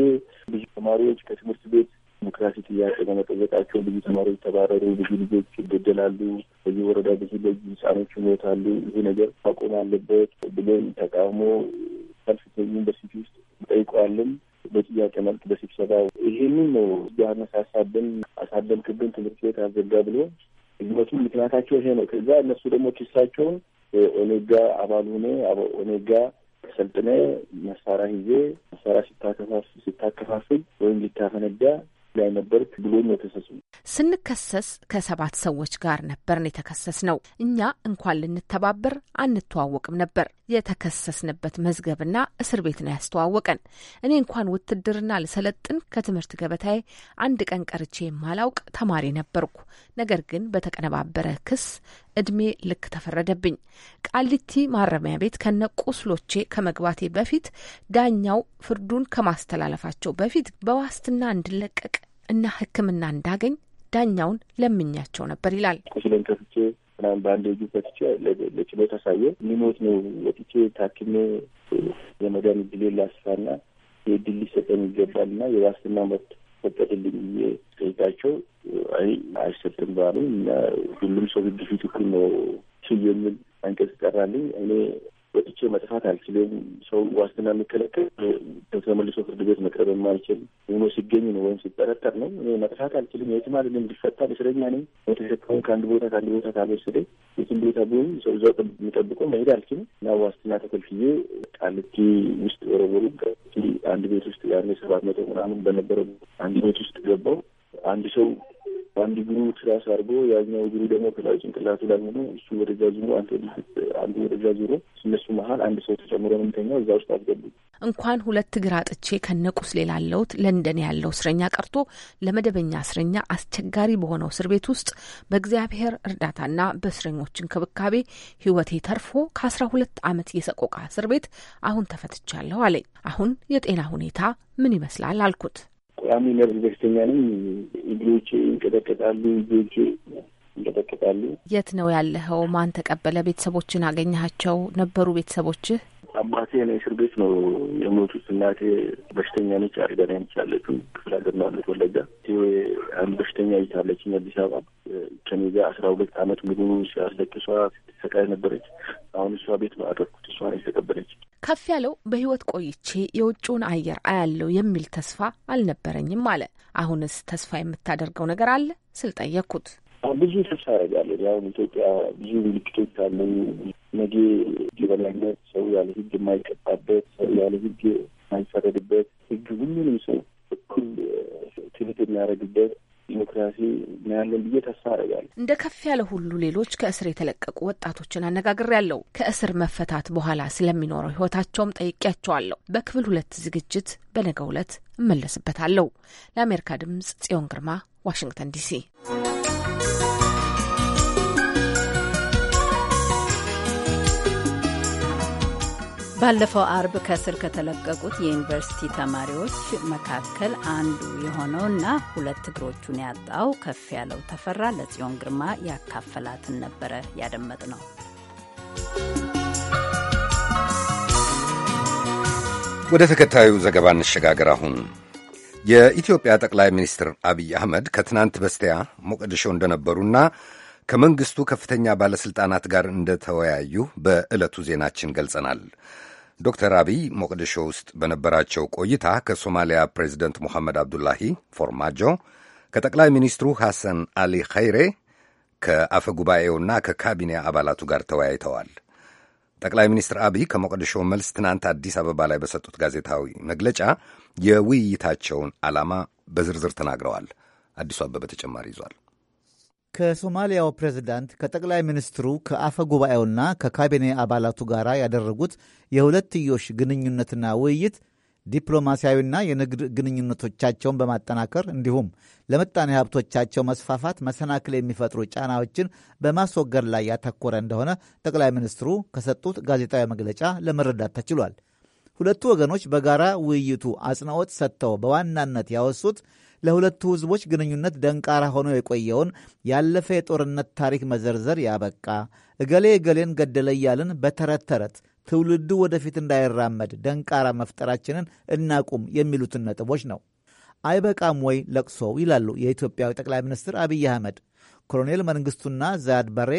ብዙ ተማሪዎች ከትምህርት ቤት ዲሞክራሲ ጥያቄ በመጠየቃቸው ብዙ ተማሪዎች ተባረሩ፣ ብዙ ልጆች ይገደላሉ፣ በዚህ ወረዳ ብዙ ለዚ ህጻኖች ይሞታሉ። ይህ ነገር ማቆም አለበት ብለን ተቃውሞ ሰልፍ ዩኒቨርሲቲ ውስጥ እንጠይቀዋለን። በጥያቄ መልክ በስብሰባ ይሄንን ነው ያነሳሳብን፣ አሳደምክብን፣ ትምህርት ቤት አዘጋ ብሎ ህዝመቱ ምክንያታቸው ይሄ ነው። ከዛ እነሱ ደግሞ ኪሳቸውን ኦኔጋ አባል ሆነ ኦኔጋ ሰልጥነ መሳሪያ ይዤ መሳሪያ ሲታከፋፍል ወይም ሊታፈነዳ ላይ ነበርክ ብሎ ነው ተሰሱ ስንከሰስ ከሰባት ሰዎች ጋር ነበርን የተከሰስ ነው። እኛ እንኳን ልንተባበር አንተዋወቅም ነበር። የተከሰስንበት መዝገብና እስር ቤት ነው ያስተዋወቀን። እኔ እንኳን ውትድርና ልሰለጥን ከትምህርት ገበታዬ አንድ ቀን ቀርቼ የማላውቅ ተማሪ ነበርኩ። ነገር ግን በተቀነባበረ ክስ እድሜ ልክ ተፈረደብኝ። ቃሊቲ ማረሚያ ቤት ከነ ቁስሎቼ ከመግባቴ በፊት ዳኛው ፍርዱን ከማስተላለፋቸው በፊት በዋስትና እንድለቀቅ እና ሕክምና እንዳገኝ ዳኛውን ለምኛቸው ነበር ይላል። ቁስሌን ከፍቼ ምናምን ባንዴጁ ከፍቼ ለችሎት አሳየ ሊሞት ነው ወጥቼ ታክሜ የመዳን ድሌ ላስፋና የድል ሊሰጠን ይገባል እና የዋስትና መብት ፈቀድልኝ ብዬ ጠይቃቸው አይ አይሰጥም ባሉ ሁሉም ሰው ግድፊት እኩል ነው ስየምል አንቀጽ ቀራልኝ እኔ ወጥቼ መጥፋት አልችልም። ሰው ዋስትና የሚከለከል ተመልሶ ፍርድ ቤት መቅረብ የማልችል ሆኖ ሲገኝ ነው ወይም ሲጠረጠር ነው። እኔ መጥፋት አልችልም። የትም አልልም። እንዲፈታ እስረኛ ነኝ። የተሰጠውን ከአንድ ቦታ ከአንድ ቦታ ካልወሰደ የትም ቦታ ቢሆን ሰው እዛው የሚጠብቆ መሄድ አልችልም እና ዋስትና ተከልክዬ ቃልቲ ውስጥ ወረወሩ። አንድ ቤት ውስጥ ያኔ ሰባት መቶ ምናምን በነበረው አንድ ቤት ውስጥ ገባው። አንድ ሰው አንድ እግሩ ትራስ አድርጎ ያኛው እግሩ ደግሞ ከላይ ጭንቅላቱ ላይ ሆኖ እሱ ወደዛ ዙሮ አንዱ ወደዛ ዙሮ እነሱ መሀል አንድ ሰው ተጨምሮ የምንተኛው እዛ ውስጥ አስገቡ። እንኳን ሁለት እግር አጥቼ ከነቁስ ሌላ ለውት ለንደን ያለው እስረኛ ቀርቶ ለመደበኛ እስረኛ አስቸጋሪ በሆነው እስር ቤት ውስጥ በእግዚአብሔር እርዳታና በእስረኞች እንክብካቤ ሕይወቴ ተርፎ ከአስራ ሁለት ዓመት የሰቆቃ እስር ቤት አሁን ተፈትቻለሁ አለኝ። አሁን የጤና ሁኔታ ምን ይመስላል አልኩት። ቋሚ ነርቭ በሽተኛ ነኝ። እግሮቼ ይንቀጠቀጣሉ፣ እጆቼ ይንቀጠቀጣሉ። የት ነው ያለኸው? ማን ተቀበለ? ቤተሰቦችን አገኘሃቸው? ነበሩ ቤተሰቦችህ? አባቴ ነው እስር ቤት ነው የሞቱት። እናቴ በሽተኛ ነች፣ አልጋ ላይ ነች ያለችው። ክፍለ ሀገር ነው ያለች ወለጋ። አንድ በሽተኛ ይታለችኝ አዲስ አበባ ከኔ ጋር አስራ ሁለት አመት ሙሉ ሲያስለቅሷ ስትሰቃይ ነበረች። አሁን እሷ ቤት ነው አደርኩት። እሷ ነው የተቀበለች። ከፍ ያለው በህይወት ቆይቼ የውጭውን አየር አያለው የሚል ተስፋ አልነበረኝም አለ። አሁንስ ተስፋ የምታደርገው ነገር አለ ስል ጠየቅኩት። ብዙ ተስፋ ያደርጋለን። ያሁን ኢትዮጵያ ብዙ ምልክቶች አሉ። ነገ ህግ የበላይነት፣ ሰው ያለ ህግ የማይቀጣበት፣ ሰው ያለ ህግ የማይፈረድበት፣ ህግ ሁሉንም ሰው እኩል ትምህርት የሚያደርግበት ዲሞክራሲ እናያለን ብዬ ተስፋ አደርጋለሁ። እንደ ከፍ ያለ ሁሉ ሌሎች ከእስር የተለቀቁ ወጣቶችን አነጋግሬያለሁ። ከእስር መፈታት በኋላ ስለሚኖረው ህይወታቸውም ጠይቄያቸዋለሁ። በክፍል ሁለት ዝግጅት በነገው ዕለት እመለስበታለሁ። ለአሜሪካ ድምጽ ጽዮን ግርማ ዋሽንግተን ዲሲ። ባለፈው አርብ ከእስር ከተለቀቁት የዩኒቨርሲቲ ተማሪዎች መካከል አንዱ የሆነውና ሁለት እግሮቹን ያጣው ከፍ ያለው ተፈራ ለጽዮን ግርማ ያካፈላትን ነበረ ያደመጥ ነው። ወደ ተከታዩ ዘገባ እንሸጋገር አሁን። የኢትዮጵያ ጠቅላይ ሚኒስትር አብይ አህመድ ከትናንት በስቲያ ሞቀዲሾ እንደነበሩና ከመንግስቱ ከፍተኛ ባለሥልጣናት ጋር እንደተወያዩ በዕለቱ ዜናችን ገልጸናል። ዶክተር አብይ ሞቀዲሾ ውስጥ በነበራቸው ቆይታ ከሶማሊያ ፕሬዚደንት ሙሐመድ አብዱላሂ ፎርማጆ፣ ከጠቅላይ ሚኒስትሩ ሐሰን አሊ ኸይሬ፣ ከአፈ ጉባኤውና ከካቢኔ አባላቱ ጋር ተወያይተዋል። ጠቅላይ ሚኒስትር አብይ ከሞቃዲሾ መልስ ትናንት አዲስ አበባ ላይ በሰጡት ጋዜጣዊ መግለጫ የውይይታቸውን ዓላማ በዝርዝር ተናግረዋል። አዲሱ አበበ ተጨማሪ ይዟል። ከሶማሊያው ፕሬዝዳንት ከጠቅላይ ሚኒስትሩ ከአፈ ጉባኤውና ከካቢኔ አባላቱ ጋር ያደረጉት የሁለትዮሽ ግንኙነትና ውይይት ዲፕሎማሲያዊና የንግድ ግንኙነቶቻቸውን በማጠናከር እንዲሁም ለምጣኔ ሀብቶቻቸው መስፋፋት መሰናክል የሚፈጥሩ ጫናዎችን በማስወገድ ላይ ያተኮረ እንደሆነ ጠቅላይ ሚኒስትሩ ከሰጡት ጋዜጣዊ መግለጫ ለመረዳት ተችሏል። ሁለቱ ወገኖች በጋራ ውይይቱ አጽንኦት ሰጥተው በዋናነት ያወሱት ለሁለቱ ሕዝቦች ግንኙነት ደንቃራ ሆኖ የቆየውን ያለፈ የጦርነት ታሪክ መዘርዘር ያበቃ፣ እገሌ እገሌን ገደለ እያልን በተረት ተረት ትውልዱ ወደፊት እንዳይራመድ ደንቃራ መፍጠራችንን እናቁም የሚሉትን ነጥቦች ነው። አይበቃም ወይ ለቅሶው ይላሉ የኢትዮጵያው ጠቅላይ ሚኒስትር አብይ አህመድ። ኮሎኔል መንግስቱና ዛያድ በሬ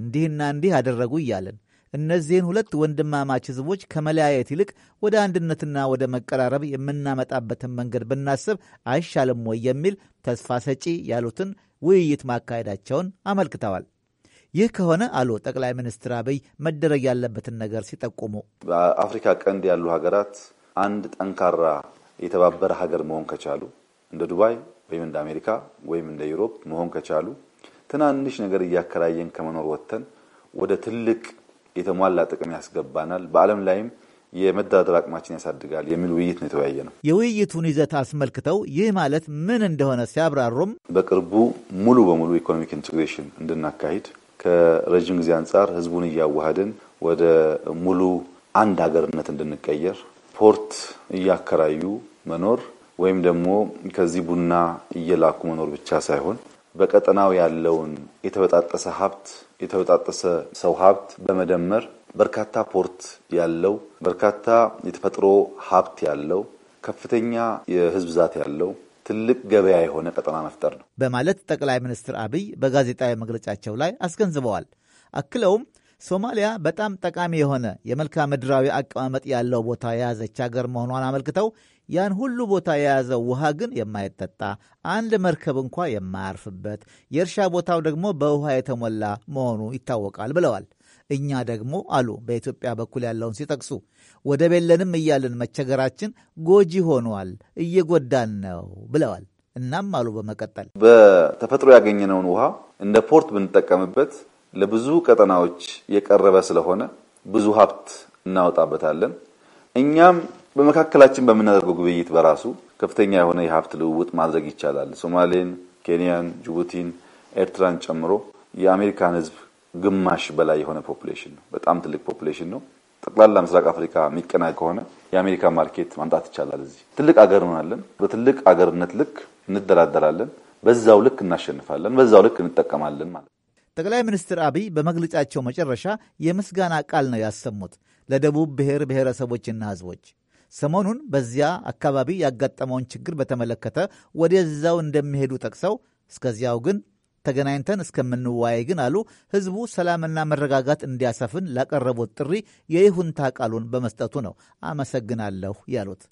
እንዲህና እንዲህ አደረጉ እያልን እነዚህን ሁለት ወንድማማች ህዝቦች ከመለያየት ይልቅ ወደ አንድነትና ወደ መቀራረብ የምናመጣበትን መንገድ ብናስብ አይሻልም ወይ የሚል ተስፋ ሰጪ ያሉትን ውይይት ማካሄዳቸውን አመልክተዋል። ይህ ከሆነ አሉ ጠቅላይ ሚኒስትር አብይ መደረግ ያለበትን ነገር ሲጠቁሙ በአፍሪካ ቀንድ ያሉ ሀገራት አንድ ጠንካራ የተባበረ ሀገር መሆን ከቻሉ እንደ ዱባይ ወይም እንደ አሜሪካ ወይም እንደ ዩሮፕ መሆን ከቻሉ ትናንሽ ነገር እያከራየን ከመኖር ወጥተን ወደ ትልቅ የተሟላ ጥቅም ያስገባናል፣ በዓለም ላይም የመደራደር አቅማችን ያሳድጋል የሚል ውይይት ነው የተወያየ ነው። የውይይቱን ይዘት አስመልክተው ይህ ማለት ምን እንደሆነ ሲያብራሩም በቅርቡ ሙሉ በሙሉ ኢኮኖሚክ ኢንቴግሬሽን እንድናካሂድ ከረጅም ጊዜ አንጻር ህዝቡን እያዋሃድን ወደ ሙሉ አንድ ሀገርነት እንድንቀየር ፖርት እያከራዩ መኖር ወይም ደግሞ ከዚህ ቡና እየላኩ መኖር ብቻ ሳይሆን በቀጠናው ያለውን የተበጣጠሰ ሀብት የተበጣጠሰ ሰው ሀብት በመደመር በርካታ ፖርት ያለው በርካታ የተፈጥሮ ሀብት ያለው ከፍተኛ የህዝብ ብዛት ያለው ትልቅ ገበያ የሆነ ቀጠና መፍጠር ነው በማለት ጠቅላይ ሚኒስትር አብይ በጋዜጣዊ መግለጫቸው ላይ አስገንዝበዋል። አክለውም ሶማሊያ በጣም ጠቃሚ የሆነ የመልክዓ ምድራዊ አቀማመጥ ያለው ቦታ የያዘች ሀገር መሆኗን አመልክተው ያን ሁሉ ቦታ የያዘው ውሃ ግን የማይጠጣ አንድ መርከብ እንኳ የማያርፍበት የእርሻ ቦታው ደግሞ በውሃ የተሞላ መሆኑ ይታወቃል ብለዋል። እኛ ደግሞ አሉ በኢትዮጵያ በኩል ያለውን ሲጠቅሱ ወደብ የለንም እያልን መቸገራችን ጎጂ ሆኗል፣ እየጎዳን ነው ብለዋል። እናም አሉ በመቀጠል በተፈጥሮ ያገኘነውን ውሃ እንደ ፖርት ብንጠቀምበት ለብዙ ቀጠናዎች የቀረበ ስለሆነ ብዙ ሀብት እናወጣበታለን። እኛም በመካከላችን በምናደርገው ግብይት በራሱ ከፍተኛ የሆነ የሀብት ልውውጥ ማድረግ ይቻላል። ሶማሌን፣ ኬንያን፣ ጅቡቲን፣ ኤርትራን ጨምሮ የአሜሪካን ሕዝብ ግማሽ በላይ የሆነ ፖፑሌሽን ነው። በጣም ትልቅ ፖፑሌሽን ነው። ጠቅላላ ምስራቅ አፍሪካ የሚቀና ከሆነ የአሜሪካ ማርኬት ማምጣት ይቻላል። እዚህ ትልቅ አገር እንሆናለን። በትልቅ አገርነት ልክ እንደራደራለን። በዛው ልክ እናሸንፋለን። በዛው ልክ እንጠቀማለን ማለት ነው። ጠቅላይ ሚኒስትር አብይ በመግለጫቸው መጨረሻ የምስጋና ቃል ነው ያሰሙት ለደቡብ ብሔር ብሔረሰቦችና ሕዝቦች ሰሞኑን በዚያ አካባቢ ያጋጠመውን ችግር በተመለከተ ወደዛው እንደሚሄዱ ጠቅሰው እስከዚያው ግን ተገናኝተን እስከምንወያይ ግን አሉ ህዝቡ ሰላምና መረጋጋት እንዲያሰፍን ላቀረቡት ጥሪ የይሁንታ ቃሉን በመስጠቱ ነው አመሰግናለሁ ያሉት።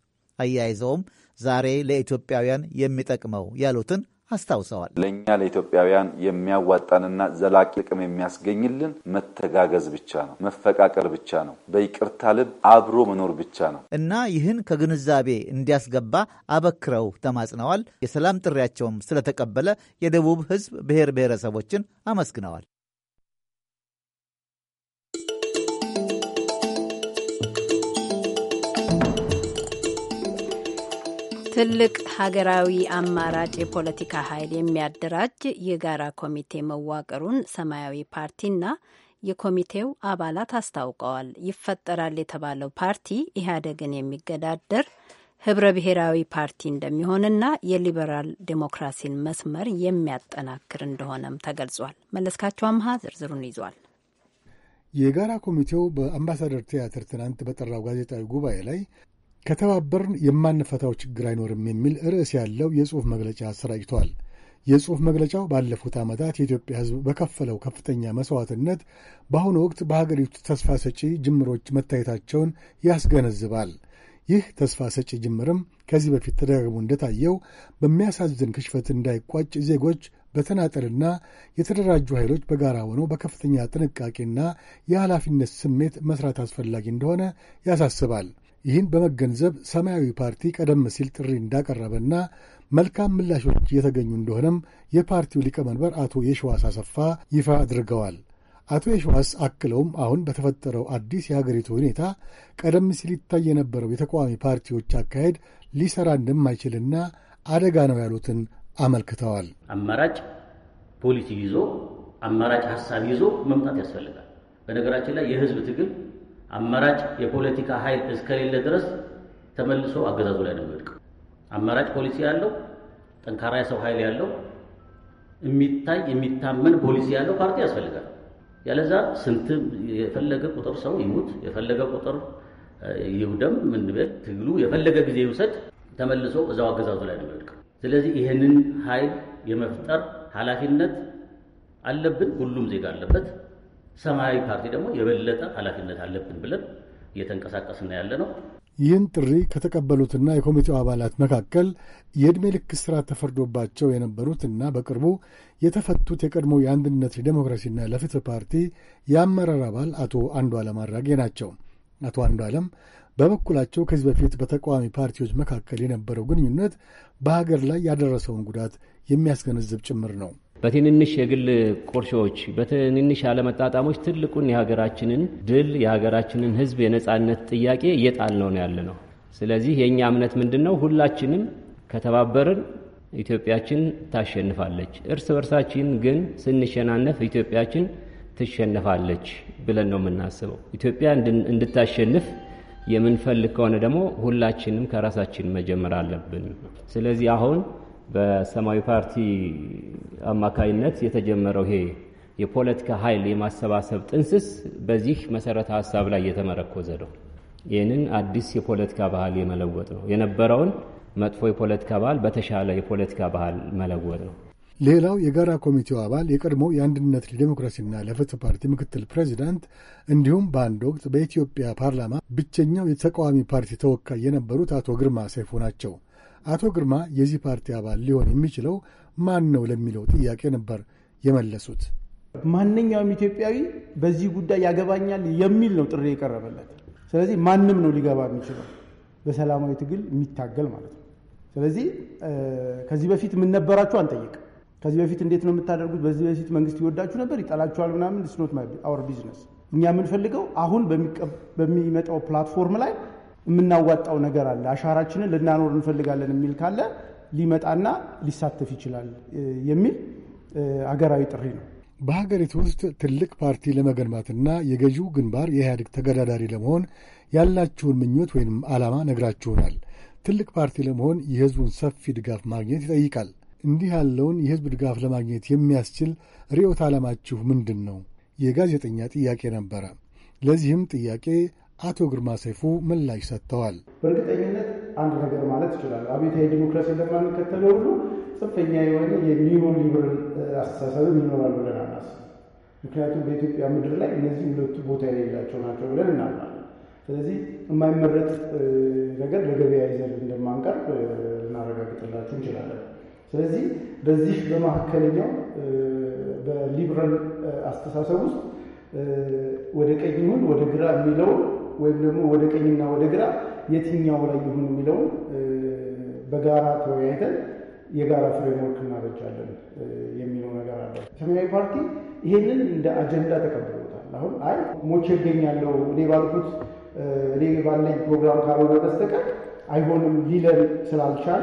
አያይዘውም ዛሬ ለኢትዮጵያውያን የሚጠቅመው ያሉትን አስታውሰዋል። ለእኛ ለኢትዮጵያውያን የሚያዋጣንና ዘላቂ ጥቅም የሚያስገኝልን መተጋገዝ ብቻ ነው፣ መፈቃቀር ብቻ ነው፣ በይቅርታ ልብ አብሮ መኖር ብቻ ነው እና ይህን ከግንዛቤ እንዲያስገባ አበክረው ተማጽነዋል። የሰላም ጥሪያቸውም ስለተቀበለ የደቡብ ሕዝብ ብሔር ብሔረሰቦችን አመስግነዋል። ትልቅ ሀገራዊ አማራጭ የፖለቲካ ኃይል የሚያደራጅ የጋራ ኮሚቴ መዋቅሩን ሰማያዊ ፓርቲና የኮሚቴው አባላት አስታውቀዋል። ይፈጠራል የተባለው ፓርቲ ኢህአዴግን የሚገዳደር ህብረ ብሔራዊ ፓርቲ እንደሚሆንና የሊበራል ዴሞክራሲን መስመር የሚያጠናክር እንደሆነም ተገልጿል። መለስካቸው አምሃ ዝርዝሩን ይዟል። የጋራ ኮሚቴው በአምባሳደር ቲያትር ትናንት በጠራው ጋዜጣዊ ጉባኤ ላይ ከተባበርን የማንፈታው ችግር አይኖርም የሚል ርዕስ ያለው የጽሑፍ መግለጫ አሰራጭቷል። የጽሑፍ መግለጫው ባለፉት ዓመታት የኢትዮጵያ ሕዝብ በከፈለው ከፍተኛ መስዋዕትነት በአሁኑ ወቅት በሀገሪቱ ተስፋ ሰጪ ጅምሮች መታየታቸውን ያስገነዝባል። ይህ ተስፋ ሰጪ ጅምርም ከዚህ በፊት ተደጋግሞ እንደታየው በሚያሳዝን ክሽፈት እንዳይቋጭ ዜጎች በተናጠልና የተደራጁ ኃይሎች በጋራ ሆነው በከፍተኛ ጥንቃቄና የኃላፊነት ስሜት መስራት አስፈላጊ እንደሆነ ያሳስባል። ይህን በመገንዘብ ሰማያዊ ፓርቲ ቀደም ሲል ጥሪ እንዳቀረበና መልካም ምላሾች እየተገኙ እንደሆነም የፓርቲው ሊቀመንበር አቶ የሸዋስ አሰፋ ይፋ አድርገዋል። አቶ የሸዋስ አክለውም አሁን በተፈጠረው አዲስ የሀገሪቱ ሁኔታ ቀደም ሲል ይታይ የነበረው የተቃዋሚ ፓርቲዎች አካሄድ ሊሰራ እንደማይችልና አደጋ ነው ያሉትን አመልክተዋል። አማራጭ ፖሊሲ ይዞ አማራጭ ሀሳብ ይዞ መምጣት ያስፈልጋል። በነገራችን ላይ የህዝብ ትግል አማራጭ የፖለቲካ ኃይል እስከሌለ ድረስ ተመልሶ አገዛዙ ላይ ነው የሚወድቀው። አማራጭ ፖሊሲ ያለው ጠንካራ የሰው ኃይል ያለው የሚታይ የሚታመን ፖሊሲ ያለው ፓርቲ ያስፈልጋል። ያለዛ ስንት የፈለገ ቁጥር ሰው ይሙት፣ የፈለገ ቁጥር ይውደም፣ ምን በል ትግሉ የፈለገ ጊዜ ይውሰድ፣ ተመልሶ እዛው አገዛዙ ላይ ነው የሚወድቀው። ስለዚህ ይህንን ኃይል የመፍጠር ኃላፊነት አለብን። ሁሉም ዜጋ አለበት። ሰማያዊ ፓርቲ ደግሞ የበለጠ ኃላፊነት አለብን ብለን እየተንቀሳቀስና ያለ ነው። ይህን ጥሪ ከተቀበሉትና የኮሚቴው አባላት መካከል የዕድሜ ልክ ስራ ተፈርዶባቸው የነበሩትና በቅርቡ የተፈቱት የቀድሞ የአንድነት ለዲሞክራሲና ለፍትህ ፓርቲ የአመራር አባል አቶ ዓለም አራጌ ናቸው። አቶ ዓለም በበኩላቸው ከዚህ በፊት በተቃዋሚ ፓርቲዎች መካከል የነበረው ግንኙነት በሀገር ላይ ያደረሰውን ጉዳት የሚያስገነዝብ ጭምር ነው። በትንንሽ የግል ቁርሾዎች፣ በትንንሽ አለመጣጣሞች ትልቁን የሀገራችንን ድል የሀገራችንን ሕዝብ የነጻነት ጥያቄ እየጣል ነው ያለ ነው። ስለዚህ የእኛ እምነት ምንድን ነው? ሁላችንም ከተባበርን ኢትዮጵያችን ታሸንፋለች። እርስ በርሳችን ግን ስንሸናነፍ ኢትዮጵያችን ትሸነፋለች ብለን ነው የምናስበው። ኢትዮጵያ እንድታሸንፍ የምንፈልግ ከሆነ ደግሞ ሁላችንም ከራሳችን መጀመር አለብን። ስለዚህ አሁን በሰማያዊ ፓርቲ አማካይነት የተጀመረው ይሄ የፖለቲካ ኃይል የማሰባሰብ ጥንስስ በዚህ መሰረተ ሀሳብ ላይ እየተመረኮዘ ነው። ይህንን አዲስ የፖለቲካ ባህል የመለወጥ ነው። የነበረውን መጥፎ የፖለቲካ ባህል በተሻለ የፖለቲካ ባህል መለወጥ ነው። ሌላው የጋራ ኮሚቴው አባል የቀድሞ የአንድነት ለዲሞክራሲና ለፍትህ ፓርቲ ምክትል ፕሬዚዳንት እንዲሁም በአንድ ወቅት በኢትዮጵያ ፓርላማ ብቸኛው የተቃዋሚ ፓርቲ ተወካይ የነበሩት አቶ ግርማ ሰይፉ ናቸው። አቶ ግርማ የዚህ ፓርቲ አባል ሊሆን የሚችለው ማን ነው ለሚለው ጥያቄ ነበር የመለሱት። ማንኛውም ኢትዮጵያዊ በዚህ ጉዳይ ያገባኛል የሚል ነው ጥሪ የቀረበለት። ስለዚህ ማንም ነው ሊገባ የሚችለው በሰላማዊ ትግል የሚታገል ማለት ነው። ስለዚህ ከዚህ በፊት የምንነበራችሁ አንጠይቅ። ከዚህ በፊት እንዴት ነው የምታደርጉት? በዚህ በፊት መንግስት ይወዳችሁ ነበር፣ ይጠላችኋል፣ ምናምን ስኖት አወር ቢዝነስ። እኛ የምንፈልገው አሁን በሚመጣው ፕላትፎርም ላይ የምናዋጣው ነገር አለ፣ አሻራችንን ልናኖር እንፈልጋለን የሚል ካለ ሊመጣና ሊሳተፍ ይችላል የሚል አገራዊ ጥሪ ነው። በሀገሪቱ ውስጥ ትልቅ ፓርቲ ለመገንባትና የገዢው ግንባር የኢህአዴግ ተገዳዳሪ ለመሆን ያላችሁን ምኞት ወይም ዓላማ ነግራችሁናል። ትልቅ ፓርቲ ለመሆን የህዝቡን ሰፊ ድጋፍ ማግኘት ይጠይቃል። እንዲህ ያለውን የህዝብ ድጋፍ ለማግኘት የሚያስችል ርዕዮተ ዓላማችሁ ምንድን ነው? የጋዜጠኛ ጥያቄ ነበረ። ለዚህም ጥያቄ አቶ ግርማ ሰይፉ ምላሽ ሰጥተዋል። በእርግጠኝነት አንድ ነገር ማለት ይችላሉ። አብዮታዊ ዲሞክራሲ ለማንከተለው ሁሉ ጽንፈኛ የሆነ የኒዮ ሊበራል አስተሳሰብም ይኖራል ብለን አናስብ። ምክንያቱም በኢትዮጵያ ምድር ላይ እነዚህ ሁለቱ ቦታ የሌላቸው ናቸው ብለን እናምናለን። ስለዚህ የማይመረጥ ነገር ለገበያ ይዘን እንደማንቀርብ ልናረጋግጥላችሁ እንችላለን። ስለዚህ በዚህ በመካከለኛው በሊበራል አስተሳሰብ ውስጥ ወደ ቀኝ ይሁን ወደ ግራ የሚለውን ወይም ደግሞ ወደ ቀኝና ወደ ግራ የትኛው ላይ ይሁን የሚለውን በጋራ ተወያይተን የጋራ ፍሬምወርክ እናበጃለን የሚለው ነገር አለ። ሰማያዊ ፓርቲ ይሄንን እንደ አጀንዳ ተቀብሎታል። አሁን አይ ሞቼ እገኛለሁ እኔ ባልኩት እኔ ባለኝ ፕሮግራም ካልሆነ በስተቀር አይሆንም ሊለን ስላልቻለ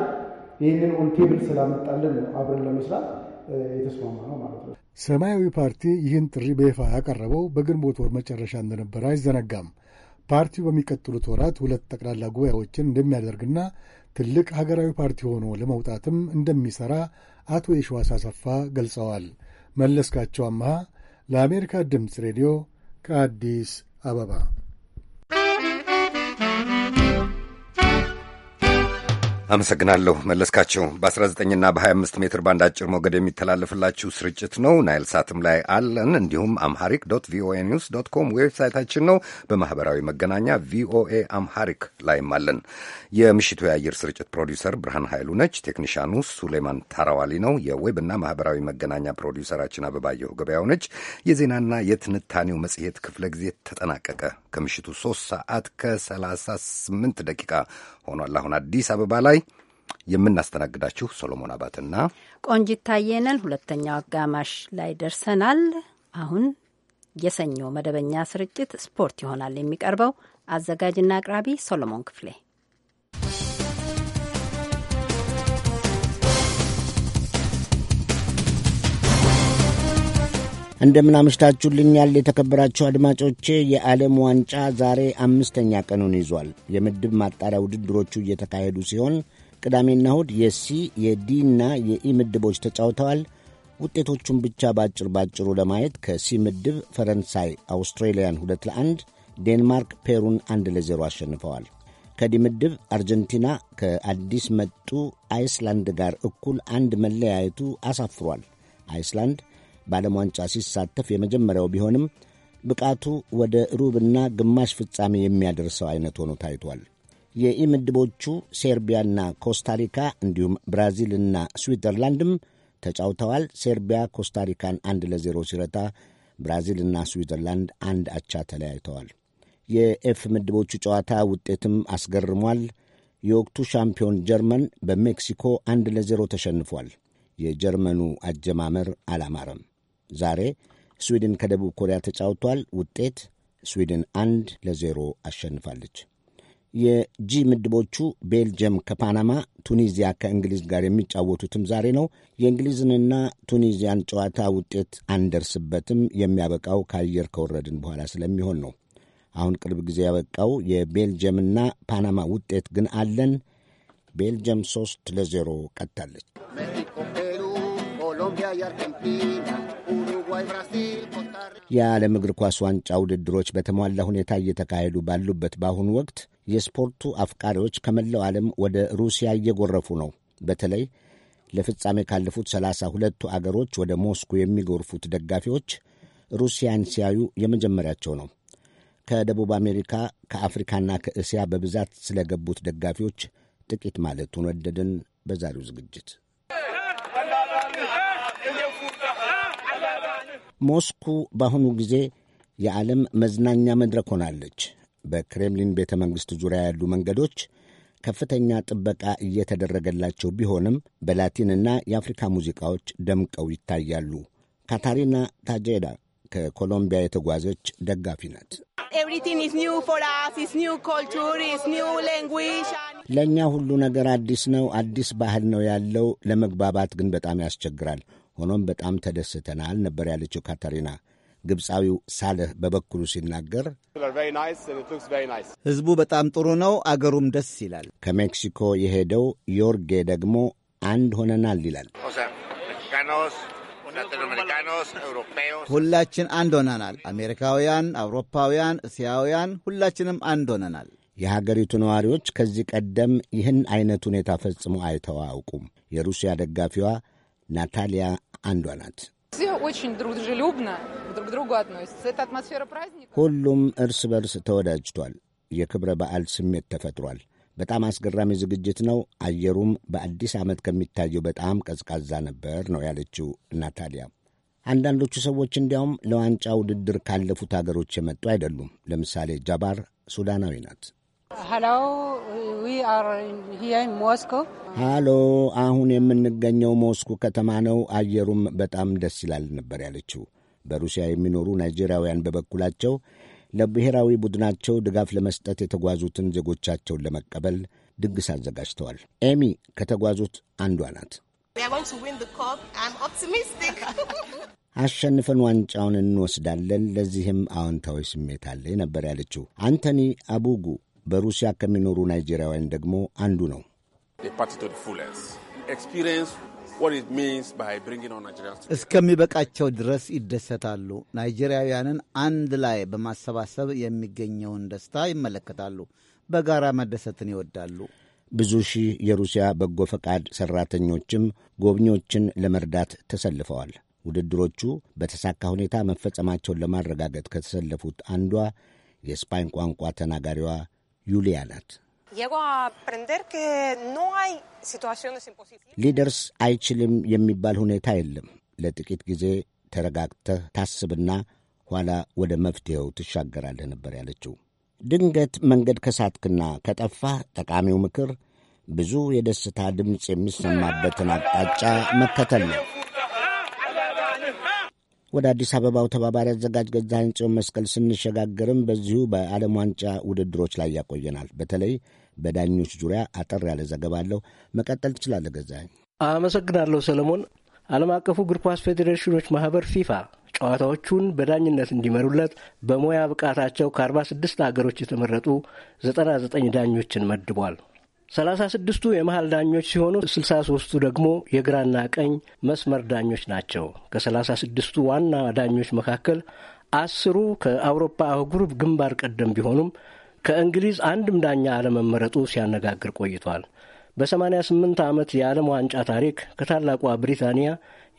ይህንን ኦን ቴብል ስላመጣልን ነው አብረን ለመስራት የተስማማ ነው ማለት ነው። ሰማያዊ ፓርቲ ይህን ጥሪ በይፋ ያቀረበው በግንቦት ወር መጨረሻ እንደነበረ አይዘነጋም። ፓርቲው በሚቀጥሉት ወራት ሁለት ጠቅላላ ጉባኤዎችን እንደሚያደርግና ትልቅ ሀገራዊ ፓርቲ ሆኖ ለመውጣትም እንደሚሠራ አቶ የሸዋስ አሰፋ ገልጸዋል። መለስካቸው አመሃ ለአሜሪካ ድምፅ ሬዲዮ ከአዲስ አበባ አመሰግናለሁ መለስካቸው። በ19ና በ25 ሜትር ባንድ አጭር ሞገድ የሚተላለፍላችሁ ስርጭት ነው። ናይል ሳትም ላይ አለን። እንዲሁም አምሃሪክ ዶት ቪኦኤ ኒውስ ዶት ኮም ዌብሳይታችን ነው። በማህበራዊ መገናኛ ቪኦኤ አምሃሪክ ላይም አለን። የምሽቱ የአየር ስርጭት ፕሮዲውሰር ብርሃን ኃይሉ ነች። ቴክኒሻኑ ሱሌማን ታራዋሊ ነው። የዌብና ማህበራዊ መገናኛ ፕሮዲውሰራችን አበባየሁ ገበያው ነች። የዜናና የትንታኔው መጽሔት ክፍለ ጊዜ ተጠናቀቀ። ከምሽቱ 3 ሰዓት ከ38 ደቂቃ ሆኗል። አሁን አዲስ አበባ ላይ የምናስተናግዳችሁ ሶሎሞን አባትና ቆንጂት ታየ ሁለተኛው አጋማሽ ላይ ደርሰናል። አሁን የሰኞ መደበኛ ስርጭት ስፖርት ይሆናል የሚቀርበው። አዘጋጅና አቅራቢ ሶሎሞን ክፍሌ እንደምናመሽታችሁልኛል የተከበራችሁ አድማጮቼ። የዓለም ዋንጫ ዛሬ አምስተኛ ቀኑን ይዟል። የምድብ ማጣሪያ ውድድሮቹ እየተካሄዱ ሲሆን ቅዳሜና እሁድ የሲ የዲ እና የኢ ምድቦች ተጫውተዋል። ውጤቶቹን ብቻ ባጭር ባጭሩ ለማየት ከሲ ምድብ ፈረንሳይ አውስትራሊያን ሁለት ለአንድ፣ ዴንማርክ ፔሩን አንድ ለዜሮ አሸንፈዋል። ከዲ ምድብ አርጀንቲና ከአዲስ መጡ አይስላንድ ጋር እኩል አንድ መለያየቱ አሳፍሯል። አይስላንድ በዓለም ዋንጫ ሲሳተፍ የመጀመሪያው ቢሆንም ብቃቱ ወደ ሩብና ግማሽ ፍጻሜ የሚያደርሰው አይነት ሆኖ ታይቷል። የኢ ምድቦቹ ሴርቢያና ኮስታሪካ እንዲሁም ብራዚልና ስዊዘርላንድም ተጫውተዋል። ሴርቢያ ኮስታሪካን አንድ ለዜሮ ሲረታ ብራዚልና ስዊዘርላንድ አንድ አቻ ተለያይተዋል። የኤፍ ምድቦቹ ጨዋታ ውጤትም አስገርሟል። የወቅቱ ሻምፒዮን ጀርመን በሜክሲኮ አንድ ለዜሮ ተሸንፏል። የጀርመኑ አጀማመር አላማረም። ዛሬ ስዊድን ከደቡብ ኮሪያ ተጫውቷል። ውጤት ስዊድን አንድ ለዜሮ አሸንፋለች። የጂ ምድቦቹ ቤልጅየም ከፓናማ፣ ቱኒዚያ ከእንግሊዝ ጋር የሚጫወቱትም ዛሬ ነው። የእንግሊዝንና ቱኒዚያን ጨዋታ ውጤት አንደርስበትም፣ የሚያበቃው ከአየር ከወረድን በኋላ ስለሚሆን ነው። አሁን ቅርብ ጊዜ ያበቃው የቤልጅየምና ፓናማ ውጤት ግን አለን። ቤልጅየም ሶስት ለዜሮ ቀጥታለች። የዓለም እግር ኳስ ዋንጫ ውድድሮች በተሟላ ሁኔታ እየተካሄዱ ባሉበት በአሁኑ ወቅት የስፖርቱ አፍቃሪዎች ከመላው ዓለም ወደ ሩሲያ እየጎረፉ ነው። በተለይ ለፍጻሜ ካለፉት ሰላሳ ሁለቱ አገሮች ወደ ሞስኮ የሚጎርፉት ደጋፊዎች ሩሲያን ሲያዩ የመጀመሪያቸው ነው። ከደቡብ አሜሪካ ከአፍሪካና ከእስያ በብዛት ስለገቡት ደጋፊዎች ጥቂት ማለት ወደድን በዛሬው ዝግጅት ሞስኩ በአሁኑ ጊዜ የዓለም መዝናኛ መድረክ ሆናለች። በክሬምሊን ቤተ መንግሥት ዙሪያ ያሉ መንገዶች ከፍተኛ ጥበቃ እየተደረገላቸው ቢሆንም በላቲንና የአፍሪካ ሙዚቃዎች ደምቀው ይታያሉ። ካታሪና ታጄዳ ከኮሎምቢያ የተጓዘች ደጋፊ ናት። ለእኛ ሁሉ ነገር አዲስ ነው፣ አዲስ ባህል ነው ያለው። ለመግባባት ግን በጣም ያስቸግራል። ሆኖም በጣም ተደስተናል ነበር ያለችው ካታሪና። ግብፃዊው ሳልህ በበኩሉ ሲናገር ሕዝቡ በጣም ጥሩ ነው፣ አገሩም ደስ ይላል። ከሜክሲኮ የሄደው ዮርጌ ደግሞ አንድ ሆነናል ይላል። ሁላችን አንድ ሆነናል። አሜሪካውያን፣ አውሮፓውያን፣ እስያውያን ሁላችንም አንድ ሆነናል። የሀገሪቱ ነዋሪዎች ከዚህ ቀደም ይህን አይነት ሁኔታ ፈጽሞ አይተው አያውቁም። የሩሲያ ደጋፊዋ ናታሊያ አንዷ ናት። ሁሉም እርስ በርስ ተወዳጅቷል። የክብረ በዓል ስሜት ተፈጥሯል። በጣም አስገራሚ ዝግጅት ነው። አየሩም በአዲስ ዓመት ከሚታየው በጣም ቀዝቃዛ ነበር ነው ያለችው ናታሊያ። አንዳንዶቹ ሰዎች እንዲያውም ለዋንጫ ውድድር ካለፉት አገሮች የመጡ አይደሉም። ለምሳሌ ጃባር ሱዳናዊ ናት። ሃሎ፣ አሁን የምንገኘው ሞስኮ ከተማ ነው። አየሩም በጣም ደስ ይላል ነበር ያለችው። በሩሲያ የሚኖሩ ናይጄሪያውያን በበኩላቸው ለብሔራዊ ቡድናቸው ድጋፍ ለመስጠት የተጓዙትን ዜጎቻቸውን ለመቀበል ድግስ አዘጋጅተዋል። ኤሚ ከተጓዙት አንዷ ናት። አሸንፈን ዋንጫውን እንወስዳለን፣ ለዚህም አዎንታዊ ስሜት አለ ነበር ያለችው። አንተኒ አቡጉ በሩሲያ ከሚኖሩ ናይጄሪያውያን ደግሞ አንዱ ነው። እስከሚበቃቸው ድረስ ይደሰታሉ። ናይጄሪያውያንን አንድ ላይ በማሰባሰብ የሚገኘውን ደስታ ይመለከታሉ። በጋራ መደሰትን ይወዳሉ። ብዙ ሺህ የሩሲያ በጎ ፈቃድ ሠራተኞችም ጎብኚዎችን ለመርዳት ተሰልፈዋል። ውድድሮቹ በተሳካ ሁኔታ መፈጸማቸውን ለማረጋገጥ ከተሰለፉት አንዷ የስፓኝ ቋንቋ ተናጋሪዋ ዩሊያ ናት። ሊደርስ አይችልም የሚባል ሁኔታ የለም። ለጥቂት ጊዜ ተረጋግተህ ታስብና ኋላ ወደ መፍትሔው ትሻገራለህ ነበር ያለችው። ድንገት መንገድ ከሳትክና ከጠፋህ ጠቃሚው ምክር ብዙ የደስታ ድምፅ የሚሰማበትን አቅጣጫ መከተል ነው። ወደ አዲስ አበባው ተባባሪ አዘጋጅ ገዛኸኝ ጽዮን መስቀል ስንሸጋገርም በዚሁ በዓለም ዋንጫ ውድድሮች ላይ ያቆየናል። በተለይ በዳኞች ዙሪያ አጠር ያለ ዘገባ አለው። መቀጠል ትችላለህ ገዛኸኝ። አመሰግናለሁ ሰለሞን። ዓለም አቀፉ እግር ኳስ ፌዴሬሽኖች ማህበር ፊፋ ጨዋታዎቹን በዳኝነት እንዲመሩለት በሙያ ብቃታቸው ከአርባ ስድስት ሀገሮች የተመረጡ ዘጠና ዘጠኝ ዳኞችን መድቧል። ሰላሳ ስድስቱ የመሀል ዳኞች ሲሆኑ ስልሳ ሶስቱ ደግሞ የግራና ቀኝ መስመር ዳኞች ናቸው። ከሰላሳ ስድስቱ ዋና ዳኞች መካከል አስሩ ከአውሮፓ አህጉር ግንባር ቀደም ቢሆኑም ከእንግሊዝ አንድም ዳኛ አለመመረጡ ሲያነጋግር ቆይቷል። በ88 ዓመት የዓለም ዋንጫ ታሪክ ከታላቋ ብሪታንያ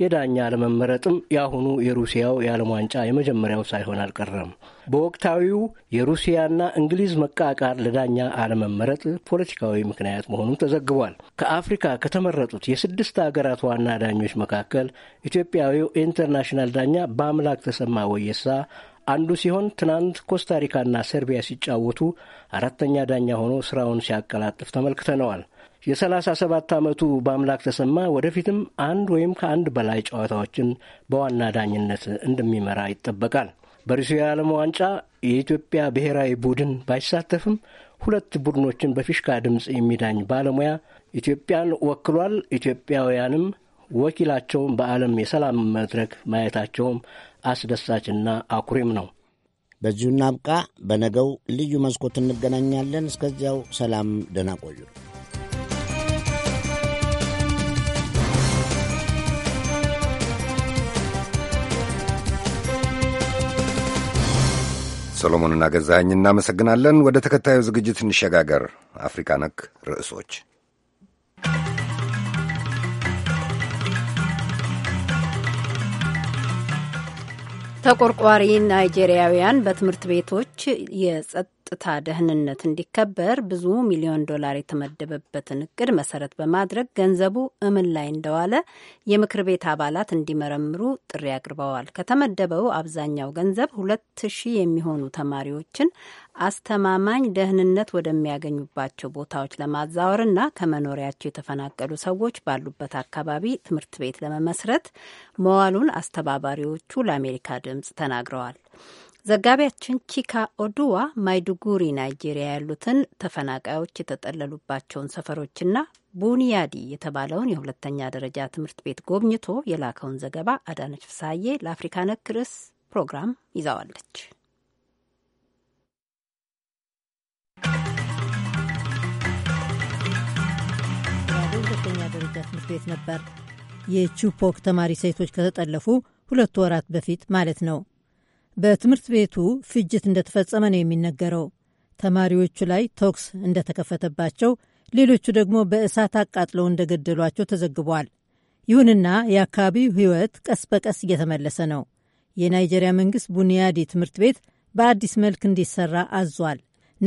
የዳኛ አለመመረጥም የአሁኑ የሩሲያው የዓለም ዋንጫ የመጀመሪያው ሳይሆን አልቀረም። በወቅታዊው የሩሲያና እንግሊዝ መቃቃር ለዳኛ አለመመረጥ ፖለቲካዊ ምክንያት መሆኑ ተዘግቧል። ከአፍሪካ ከተመረጡት የስድስት አገራት ዋና ዳኞች መካከል ኢትዮጵያዊው ኢንተርናሽናል ዳኛ በአምላክ ተሰማ ወየሳ አንዱ ሲሆን ትናንት ኮስታሪካና ሰርቢያ ሲጫወቱ አራተኛ ዳኛ ሆኖ ስራውን ሲያቀላጥፍ ተመልክተነዋል። የሰላሳ ሰባት ዓመቱ በአምላክ ተሰማ ወደፊትም አንድ ወይም ከአንድ በላይ ጨዋታዎችን በዋና ዳኝነት እንደሚመራ ይጠበቃል። በሩሲያ የዓለም ዋንጫ የኢትዮጵያ ብሔራዊ ቡድን ባይሳተፍም ሁለት ቡድኖችን በፊሽካ ድምፅ የሚዳኝ ባለሙያ ኢትዮጵያን ወክሏል። ኢትዮጵያውያንም ወኪላቸውን በዓለም የሰላም መድረክ ማየታቸውም አስደሳችና አኩሪም ነው። በዚሁ እናብቃ። በነገው ልዩ መስኮት እንገናኛለን። እስከዚያው ሰላም፣ ደህና ቆዩ። ሰሎሞንና ገዛኸኝ እናመሰግናለን። ወደ ተከታዩ ዝግጅት እንሸጋገር። አፍሪካ ነክ ርዕሶች ተቆርቋሪ ናይጄሪያውያን በትምህርት ቤቶች የጸጥ የጸጥታ ደህንነት እንዲከበር ብዙ ሚሊዮን ዶላር የተመደበበትን እቅድ መሰረት በማድረግ ገንዘቡ እምን ላይ እንደዋለ የምክር ቤት አባላት እንዲመረምሩ ጥሪ አቅርበዋል። ከተመደበው አብዛኛው ገንዘብ ሁለት ሺህ የሚሆኑ ተማሪዎችን አስተማማኝ ደህንነት ወደሚያገኙባቸው ቦታዎች ለማዛወርና ከመኖሪያቸው የተፈናቀሉ ሰዎች ባሉበት አካባቢ ትምህርት ቤት ለመመስረት መዋሉን አስተባባሪዎቹ ለአሜሪካ ድምጽ ተናግረዋል። ዘጋቢያችን ቺካ ኦዱዋ ማይዱጉሪ ናይጄሪያ ያሉትን ተፈናቃዮች የተጠለሉባቸውን ሰፈሮችና ቡኒያዲ የተባለውን የሁለተኛ ደረጃ ትምህርት ቤት ጎብኝቶ የላከውን ዘገባ አዳነች ፍሳዬ ለአፍሪካ ነክ ርዕስ ፕሮግራም ይዛዋለች። ሁለተኛ ደረጃ ትምህርት ቤት ነበር። የቹፖክ ተማሪ ሴቶች ከተጠለፉ ሁለት ወራት በፊት ማለት ነው። በትምህርት ቤቱ ፍጅት እንደተፈጸመ ነው የሚነገረው። ተማሪዎቹ ላይ ተኩስ እንደተከፈተባቸው፣ ሌሎቹ ደግሞ በእሳት አቃጥለው እንደገደሏቸው ተዘግቧል። ይሁንና የአካባቢው ሕይወት ቀስ በቀስ እየተመለሰ ነው። የናይጄሪያ መንግሥት ቡኒያዲ ትምህርት ቤት በአዲስ መልክ እንዲሰራ አዟል።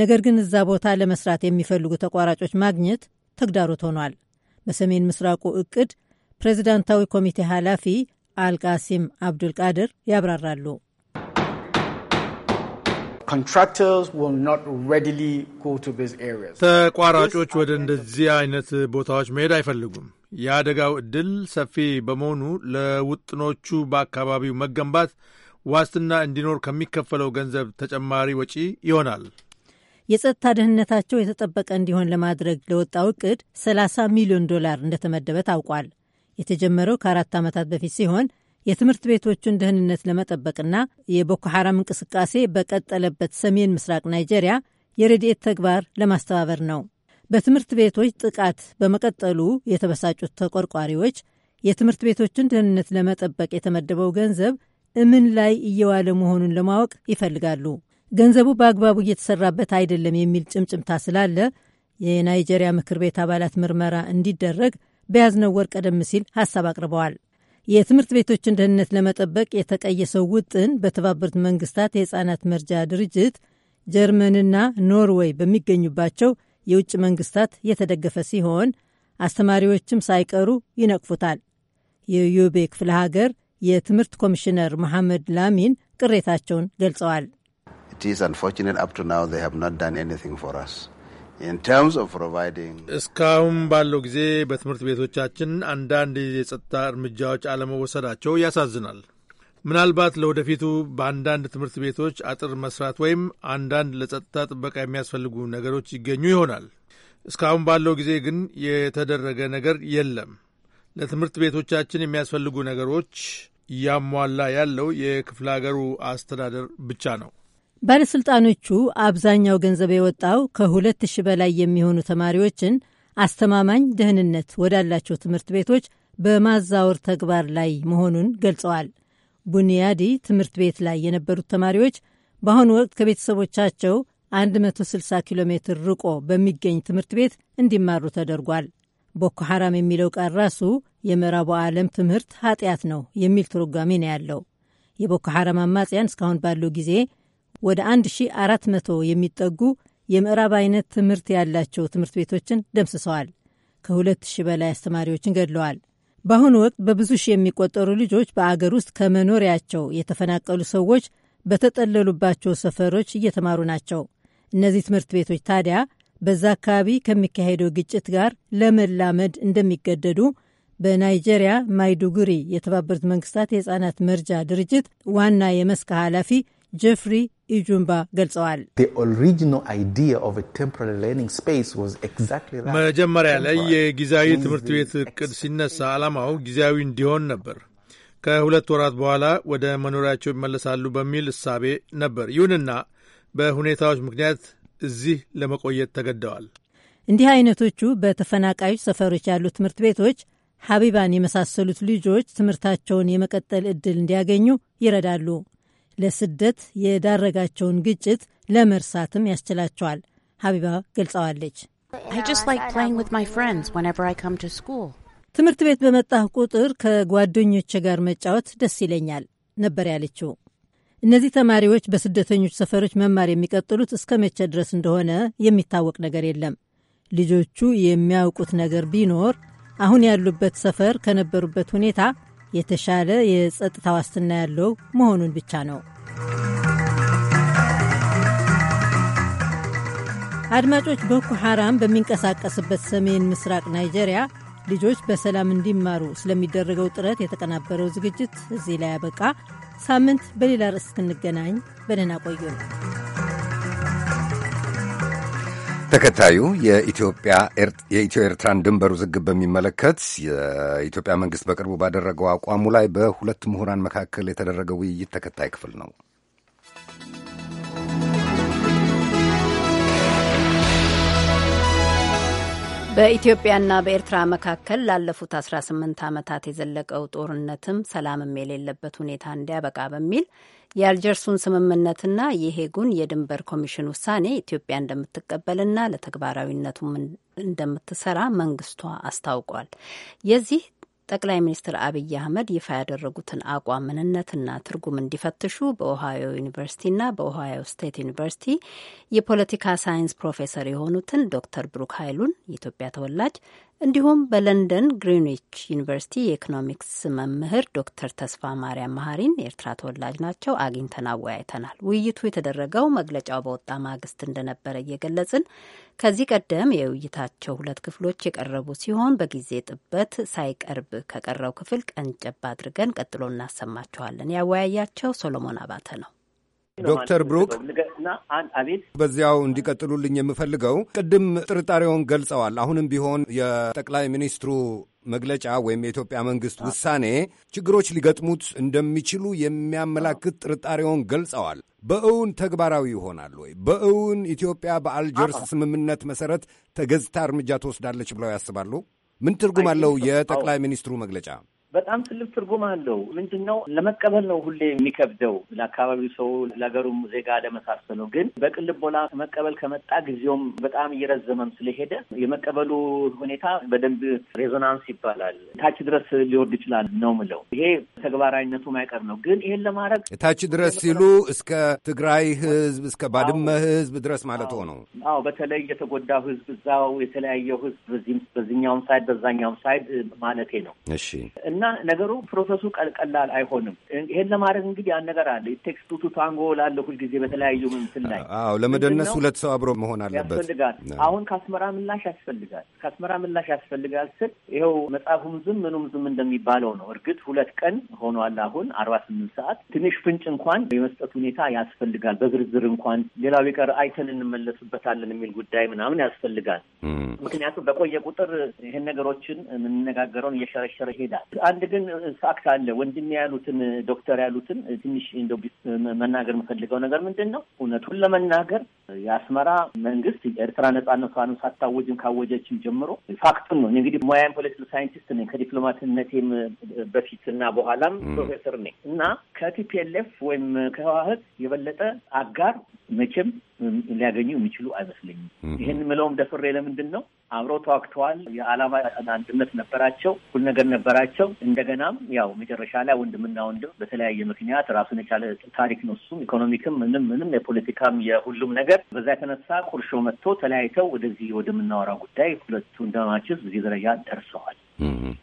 ነገር ግን እዛ ቦታ ለመስራት የሚፈልጉ ተቋራጮች ማግኘት ተግዳሮት ሆኗል። በሰሜን ምስራቁ እቅድ ፕሬዚዳንታዊ ኮሚቴ ኃላፊ አልቃሲም አብዱልቃድር ያብራራሉ። ተቋራጮች ወደ እንደዚህ አይነት ቦታዎች መሄድ አይፈልጉም። የአደጋው ዕድል ሰፊ በመሆኑ ለውጥኖቹ በአካባቢው መገንባት ዋስትና እንዲኖር ከሚከፈለው ገንዘብ ተጨማሪ ወጪ ይሆናል። የጸጥታ ደህንነታቸው የተጠበቀ እንዲሆን ለማድረግ ለወጣው እቅድ 30 ሚሊዮን ዶላር እንደተመደበ ታውቋል። የተጀመረው ከአራት ዓመታት በፊት ሲሆን የትምህርት ቤቶቹን ደህንነት ለመጠበቅና የቦኮ ሐራም እንቅስቃሴ በቀጠለበት ሰሜን ምስራቅ ናይጄሪያ የረድኤት ተግባር ለማስተባበር ነው። በትምህርት ቤቶች ጥቃት በመቀጠሉ የተበሳጩት ተቆርቋሪዎች የትምህርት ቤቶችን ደህንነት ለመጠበቅ የተመደበው ገንዘብ እምን ላይ እየዋለ መሆኑን ለማወቅ ይፈልጋሉ። ገንዘቡ በአግባቡ እየተሰራበት አይደለም የሚል ጭምጭምታ ስላለ የናይጄሪያ ምክር ቤት አባላት ምርመራ እንዲደረግ በያዝነው ወር ቀደም ሲል ሀሳብ አቅርበዋል። የትምህርት ቤቶችን ደህንነት ለመጠበቅ የተቀየሰው ውጥን በተባበሩት መንግስታት የሕፃናት መርጃ ድርጅት ጀርመንና ኖርዌይ በሚገኙባቸው የውጭ መንግስታት የተደገፈ ሲሆን አስተማሪዎችም ሳይቀሩ ይነቅፉታል። የዩቤ ክፍለ ሀገር የትምህርት ኮሚሽነር መሐመድ ላሚን ቅሬታቸውን ገልጸዋል። እስካሁን ባለው ጊዜ በትምህርት ቤቶቻችን አንዳንድ የጸጥታ እርምጃዎች አለመወሰዳቸው ያሳዝናል። ምናልባት ለወደፊቱ በአንዳንድ ትምህርት ቤቶች አጥር መስራት ወይም አንዳንድ ለጸጥታ ጥበቃ የሚያስፈልጉ ነገሮች ይገኙ ይሆናል። እስካሁን ባለው ጊዜ ግን የተደረገ ነገር የለም። ለትምህርት ቤቶቻችን የሚያስፈልጉ ነገሮች እያሟላ ያለው የክፍለ አገሩ አስተዳደር ብቻ ነው። ባለሥልጣኖቹ አብዛኛው ገንዘብ የወጣው ከሁለት ሺህ በላይ የሚሆኑ ተማሪዎችን አስተማማኝ ደህንነት ወዳላቸው ትምህርት ቤቶች በማዛወር ተግባር ላይ መሆኑን ገልጸዋል። ቡኒያዲ ትምህርት ቤት ላይ የነበሩት ተማሪዎች በአሁኑ ወቅት ከቤተሰቦቻቸው 160 ኪሎ ሜትር ርቆ በሚገኝ ትምህርት ቤት እንዲማሩ ተደርጓል። ቦኮ ሐራም የሚለው ቃል ራሱ የምዕራቡ ዓለም ትምህርት ኃጢአት ነው የሚል ትርጓሜ ነው ያለው። የቦኮ ሐራም አማጽያን እስካሁን ባለው ጊዜ ወደ 1400 የሚጠጉ የምዕራብ አይነት ትምህርት ያላቸው ትምህርት ቤቶችን ደምስሰዋል። ከ2000 በላይ አስተማሪዎችን ገድለዋል። በአሁኑ ወቅት በብዙ ሺህ የሚቆጠሩ ልጆች በአገር ውስጥ ከመኖሪያቸው የተፈናቀሉ ሰዎች በተጠለሉባቸው ሰፈሮች እየተማሩ ናቸው። እነዚህ ትምህርት ቤቶች ታዲያ በዛ አካባቢ ከሚካሄደው ግጭት ጋር ለመላመድ እንደሚገደዱ በናይጄሪያ ማይዱጉሪ የተባበሩት መንግስታት የሕፃናት መርጃ ድርጅት ዋና የመስክ ኃላፊ ጀፍሪ ኢጁምባ ገልጸዋል። መጀመሪያ ላይ የጊዜያዊ ትምህርት ቤት እቅድ ሲነሳ ዓላማው ጊዜያዊ እንዲሆን ነበር። ከሁለት ወራት በኋላ ወደ መኖሪያቸው ይመለሳሉ በሚል እሳቤ ነበር። ይሁንና በሁኔታዎች ምክንያት እዚህ ለመቆየት ተገደዋል። እንዲህ አይነቶቹ በተፈናቃዮች ሰፈሮች ያሉ ትምህርት ቤቶች ሀቢባን የመሳሰሉት ልጆች ትምህርታቸውን የመቀጠል እድል እንዲያገኙ ይረዳሉ። ለስደት የዳረጋቸውን ግጭት ለመርሳትም ያስችላቸዋል። ሀቢባ ገልጸዋለች። ትምህርት ቤት በመጣህ ቁጥር ከጓደኞቼ ጋር መጫወት ደስ ይለኛል ነበር ያለችው። እነዚህ ተማሪዎች በስደተኞች ሰፈሮች መማር የሚቀጥሉት እስከ መቼ ድረስ እንደሆነ የሚታወቅ ነገር የለም። ልጆቹ የሚያውቁት ነገር ቢኖር አሁን ያሉበት ሰፈር ከነበሩበት ሁኔታ የተሻለ የጸጥታ ዋስትና ያለው መሆኑን ብቻ ነው። አድማጮች፣ ቦኮ ሐራም በሚንቀሳቀስበት ሰሜን ምስራቅ ናይጄሪያ ልጆች በሰላም እንዲማሩ ስለሚደረገው ጥረት የተቀናበረው ዝግጅት እዚህ ላይ ያበቃ። ሳምንት በሌላ ርዕስ እስክንገናኝ በደህና ቆዩ ነው። ተከታዩ የኢትዮ ኤርትራን ድንበር ውዝግብ በሚመለከት የኢትዮጵያ መንግስት በቅርቡ ባደረገው አቋሙ ላይ በሁለት ምሁራን መካከል የተደረገ ውይይት ተከታይ ክፍል ነው። በኢትዮጵያና በኤርትራ መካከል ላለፉት 18 ዓመታት የዘለቀው ጦርነትም ሰላምም የሌለበት ሁኔታ እንዲያበቃ በሚል የአልጀርሱን ስምምነትና የሄጉን የድንበር ኮሚሽን ውሳኔ ኢትዮጵያ እንደምትቀበልና ለተግባራዊነቱም እንደምትሰራ መንግስቷ አስታውቋል። የዚህ ጠቅላይ ሚኒስትር አብይ አህመድ ይፋ ያደረጉትን አቋም ምንነትና ትርጉም እንዲፈትሹ በኦሃዮ ዩኒቨርሲቲና በኦሃዮ ስቴት ዩኒቨርሲቲ የፖለቲካ ሳይንስ ፕሮፌሰር የሆኑትን ዶክተር ብሩክ ኃይሉን የኢትዮጵያ ተወላጅ እንዲሁም በለንደን ግሪንዊች ዩኒቨርሲቲ የኢኮኖሚክስ መምህር ዶክተር ተስፋ ማርያም መሀሪን የኤርትራ ተወላጅ ናቸው አግኝተን አወያይተናል። ውይይቱ የተደረገው መግለጫው በወጣ ማግስት እንደነበረ እየገለጽን ከዚህ ቀደም የውይይታቸው ሁለት ክፍሎች የቀረቡ ሲሆን በጊዜ ጥበት ሳይቀርብ ከቀረው ክፍል ቀንጨብ አድርገን ቀጥሎ እናሰማችኋለን። ያወያያቸው ሶሎሞን አባተ ነው። ዶክተር ብሩክ አቤት፣ በዚያው እንዲቀጥሉልኝ የምፈልገው ቅድም ጥርጣሬውን ገልጸዋል። አሁንም ቢሆን የጠቅላይ ሚኒስትሩ መግለጫ ወይም የኢትዮጵያ መንግስት ውሳኔ ችግሮች ሊገጥሙት እንደሚችሉ የሚያመላክት ጥርጣሬውን ገልጸዋል። በእውን ተግባራዊ ይሆናል ወይ? በእውን ኢትዮጵያ በአልጀርስ ስምምነት መሰረት ተገዝታ እርምጃ ትወስዳለች ብለው ያስባሉ? ምን ትርጉም አለው የጠቅላይ ሚኒስትሩ መግለጫ? በጣም ትልቅ ትርጉም አለው። ምንድን ነው ለመቀበል ነው ሁሌ የሚከብደው ለአካባቢው ሰው፣ ለሀገሩም ዜጋ ለመሳሰለው። ግን በቅን ቦላ መቀበል ከመጣ ጊዜውም በጣም እየረዘመም ስለሄደ የመቀበሉ ሁኔታ በደንብ ሬዞናንስ ይባላል ታች ድረስ ሊወርድ ይችላል ነው ምለው። ይሄ ተግባራዊነቱ ማይቀር ነው። ግን ይሄን ለማድረግ ታች ድረስ ሲሉ እስከ ትግራይ ህዝብ እስከ ባድመ ህዝብ ድረስ ማለት ሆነው። አዎ በተለይ የተጎዳው ህዝብ እዛው የተለያየው ህዝብ በዚህኛውም ሳይድ በዛኛውም ሳይድ ማለቴ ነው። እሺ እና ነገሩ ፕሮሰሱ ቀልቀላል አይሆንም። ይሄን ለማድረግ እንግዲህ ያን ነገር አለ ቴክስቱ ቱታንጎ ላለ ሁልጊዜ በተለያዩ ምምስል ላይ አዎ፣ ለመደነስ ሁለት ሰው አብሮ መሆን አለበት ያስፈልጋል። አሁን ከአስመራ ምላሽ ያስፈልጋል። ከአስመራ ምላሽ ያስፈልጋል ስል ይኸው መጽሐፉም ዝም ምኑም ዝም እንደሚባለው ነው። እርግጥ ሁለት ቀን ሆኗል። አሁን አርባ ስምንት ሰዓት ትንሽ ፍንጭ እንኳን የመስጠት ሁኔታ ያስፈልጋል። በዝርዝር እንኳን ሌላው ቢቀር አይተን እንመለስበታለን የሚል ጉዳይ ምናምን ያስፈልጋል። ምክንያቱም በቆየ ቁጥር ይህን ነገሮችን የምንነጋገረውን እየሸረሸረ ይሄዳል። አንድ ግን ፋክት አለ ወንድሜ ያሉትን ዶክተር ያሉትን ትንሽ እንደ መናገር የምፈልገው ነገር ምንድን ነው? እውነቱን ለመናገር የአስመራ መንግስት የኤርትራ ነጻነቷን ሳታወጅም ካወጀችም ጀምሮ ፋክቱን ነው። እንግዲህ ሙያም ፖለቲካል ሳይንቲስት ነኝ ከዲፕሎማትነቴም በፊት እና በኋላም ፕሮፌሰር ነኝ እና ከቲፒኤልኤፍ ወይም ከህዋህት የበለጠ አጋር መቼም ሊያገኙ የሚችሉ አይመስለኝም። ይህን ምለውም ደፍሬ ለምንድን ነው አብሮ ተዋግተዋል። የዓላማ አንድነት ነበራቸው፣ ሁል ነገር ነበራቸው። እንደገናም ያው መጨረሻ ላይ ወንድምና ወንድም በተለያየ ምክንያት ራሱን የቻለ ታሪክ ነው። እሱም ኢኮኖሚክም፣ ምንም ምንም የፖለቲካም የሁሉም ነገር በዛ የተነሳ ቁርሾ መጥቶ ተለያይተው ወደዚህ ወደምናወራው ጉዳይ ሁለቱ ወንድማማቾች እዚህ ደረጃ ደርሰዋል።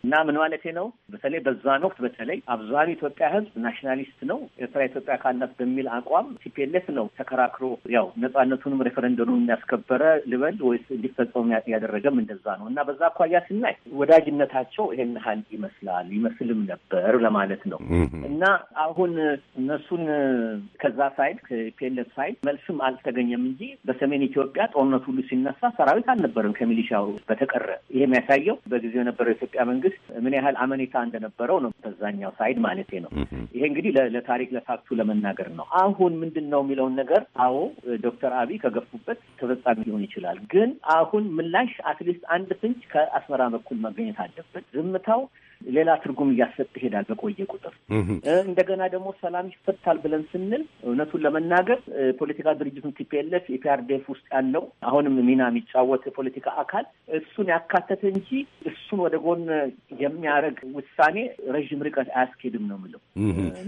እና ምን ማለቴ ነው? በተለይ በዛን ወቅት በተለይ አብዛኛው ኢትዮጵያ ህዝብ ናሽናሊስት ነው። ኤርትራ ኢትዮጵያ ካላት በሚል አቋም ሲፒኤልኤፍ ነው ተከራክሮ ያው ነጻነቱንም ሬፈረንደሙን የሚያስከበረ ልበል ወይስ እንዲፈጸሙ ያደረገም እንደዛ ነው እና በዛ አኳያ ስናይ ወዳጅነታቸው ይሄን ያህል ይመስላል ይመስልም ነበር ለማለት ነው እና አሁን እነሱን ከዛ ሳይድ ከፒኤልኤፍ ሳይድ መልስም አልተገኘም እንጂ በሰሜን ኢትዮጵያ ጦርነት ሁሉ ሲነሳ ሰራዊት አልነበረም ከሚሊሻው በተቀረ ይሄ የሚያሳየው በጊዜው የነበረው የኢትዮጵያ መንግስት ምን ያህል አመኔታ እንደነበረው ነው። በዛኛው ሳይድ ማለት ነው። ይሄ እንግዲህ ለታሪክ ለፋክቱ ለመናገር ነው። አሁን ምንድን ነው የሚለውን ነገር አዎ፣ ዶክተር አብይ ከገፉበት ተፈጻሚ ሊሆን ይችላል። ግን አሁን ምላሽ አትሊስት አንድ ፍንጭ ከአስመራ በኩል መገኘት አለበት። ዝምታው ሌላ ትርጉም እያሰጥ ይሄዳል በቆየ ቁጥር። እንደገና ደግሞ ሰላም ይፈታል ብለን ስንል እውነቱን ለመናገር ፖለቲካ ድርጅቱን ቲፒኤልኤፍ ኢፒአርዴፍ ውስጥ ያለው አሁንም ሚና የሚጫወት የፖለቲካ አካል እሱን ያካተተ እንጂ እሱን ወደ ጎን የሚያደርግ ውሳኔ ረዥም ርቀት አያስኬድም ነው የምለው።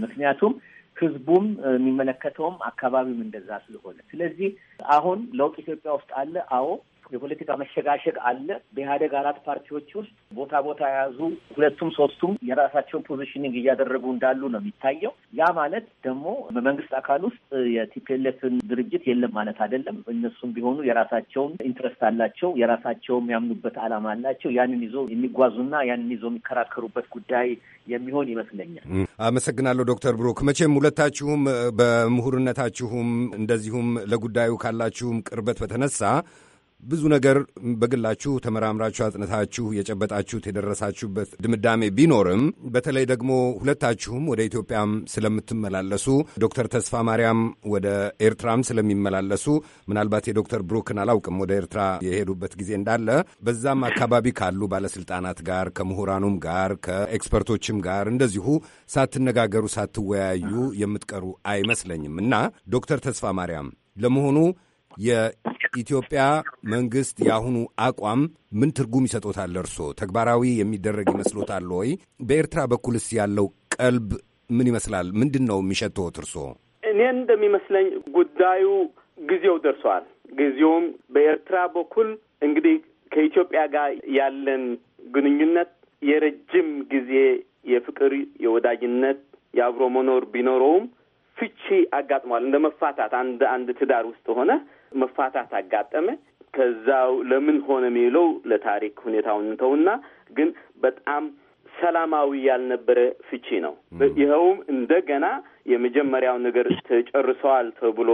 ምክንያቱም ህዝቡም የሚመለከተውም አካባቢም እንደዛ ስለሆነ፣ ስለዚህ አሁን ለውጥ ኢትዮጵያ ውስጥ አለ። አዎ የፖለቲካ መሸጋሸግ አለ። በኢህአደግ አራት ፓርቲዎች ውስጥ ቦታ ቦታ የያዙ ሁለቱም ሶስቱም የራሳቸውን ፖዚሽኒንግ እያደረጉ እንዳሉ ነው የሚታየው። ያ ማለት ደግሞ በመንግስት አካል ውስጥ የቲፒኤልኤፍን ድርጅት የለም ማለት አይደለም። እነሱም ቢሆኑ የራሳቸውን ኢንትረስት አላቸው፣ የራሳቸውም ያምኑበት አላማ አላቸው። ያንን ይዞ የሚጓዙና ያንን ይዞ የሚከራከሩበት ጉዳይ የሚሆን ይመስለኛል። አመሰግናለሁ ዶክተር ብሩክ። መቼም ሁለታችሁም በምሁርነታችሁም እንደዚሁም ለጉዳዩ ካላችሁም ቅርበት በተነሳ ብዙ ነገር በግላችሁ ተመራምራችሁ አጥንታችሁ የጨበጣችሁት የደረሳችሁበት ድምዳሜ ቢኖርም በተለይ ደግሞ ሁለታችሁም ወደ ኢትዮጵያም ስለምትመላለሱ ዶክተር ተስፋ ማርያም ወደ ኤርትራም ስለሚመላለሱ ምናልባት የዶክተር ብሩክን አላውቅም ወደ ኤርትራ የሄዱበት ጊዜ እንዳለ በዛም አካባቢ ካሉ ባለስልጣናት ጋር ከምሁራኑም ጋር ከኤክስፐርቶችም ጋር እንደዚሁ ሳትነጋገሩ ሳትወያዩ የምትቀሩ አይመስለኝም እና ዶክተር ተስፋ ማርያም ለመሆኑ ኢትዮጵያ መንግስት የአሁኑ አቋም ምን ትርጉም ይሰጦታል? እርሶ ተግባራዊ የሚደረግ ይመስሎታል ወይ? በኤርትራ በኩልስ ያለው ቀልብ ምን ይመስላል? ምንድን ነው የሚሸትዎት እርስዎ? እኔን እንደሚመስለኝ ጉዳዩ ጊዜው ደርሷል። ጊዜውም በኤርትራ በኩል እንግዲህ ከኢትዮጵያ ጋር ያለን ግንኙነት የረጅም ጊዜ የፍቅር የወዳጅነት የአብሮ መኖር ቢኖረውም ፍቺ አጋጥሟል። እንደ መፋታት አንድ አንድ ትዳር ውስጥ ሆነ መፋታት አጋጠመ። ከዛው ለምን ሆነ የሚለው ለታሪክ ሁኔታውን እንተውና ግን በጣም ሰላማዊ ያልነበረ ፍቺ ነው። ይኸውም እንደገና የመጀመሪያው ነገር ተጨርሰዋል ተብሎ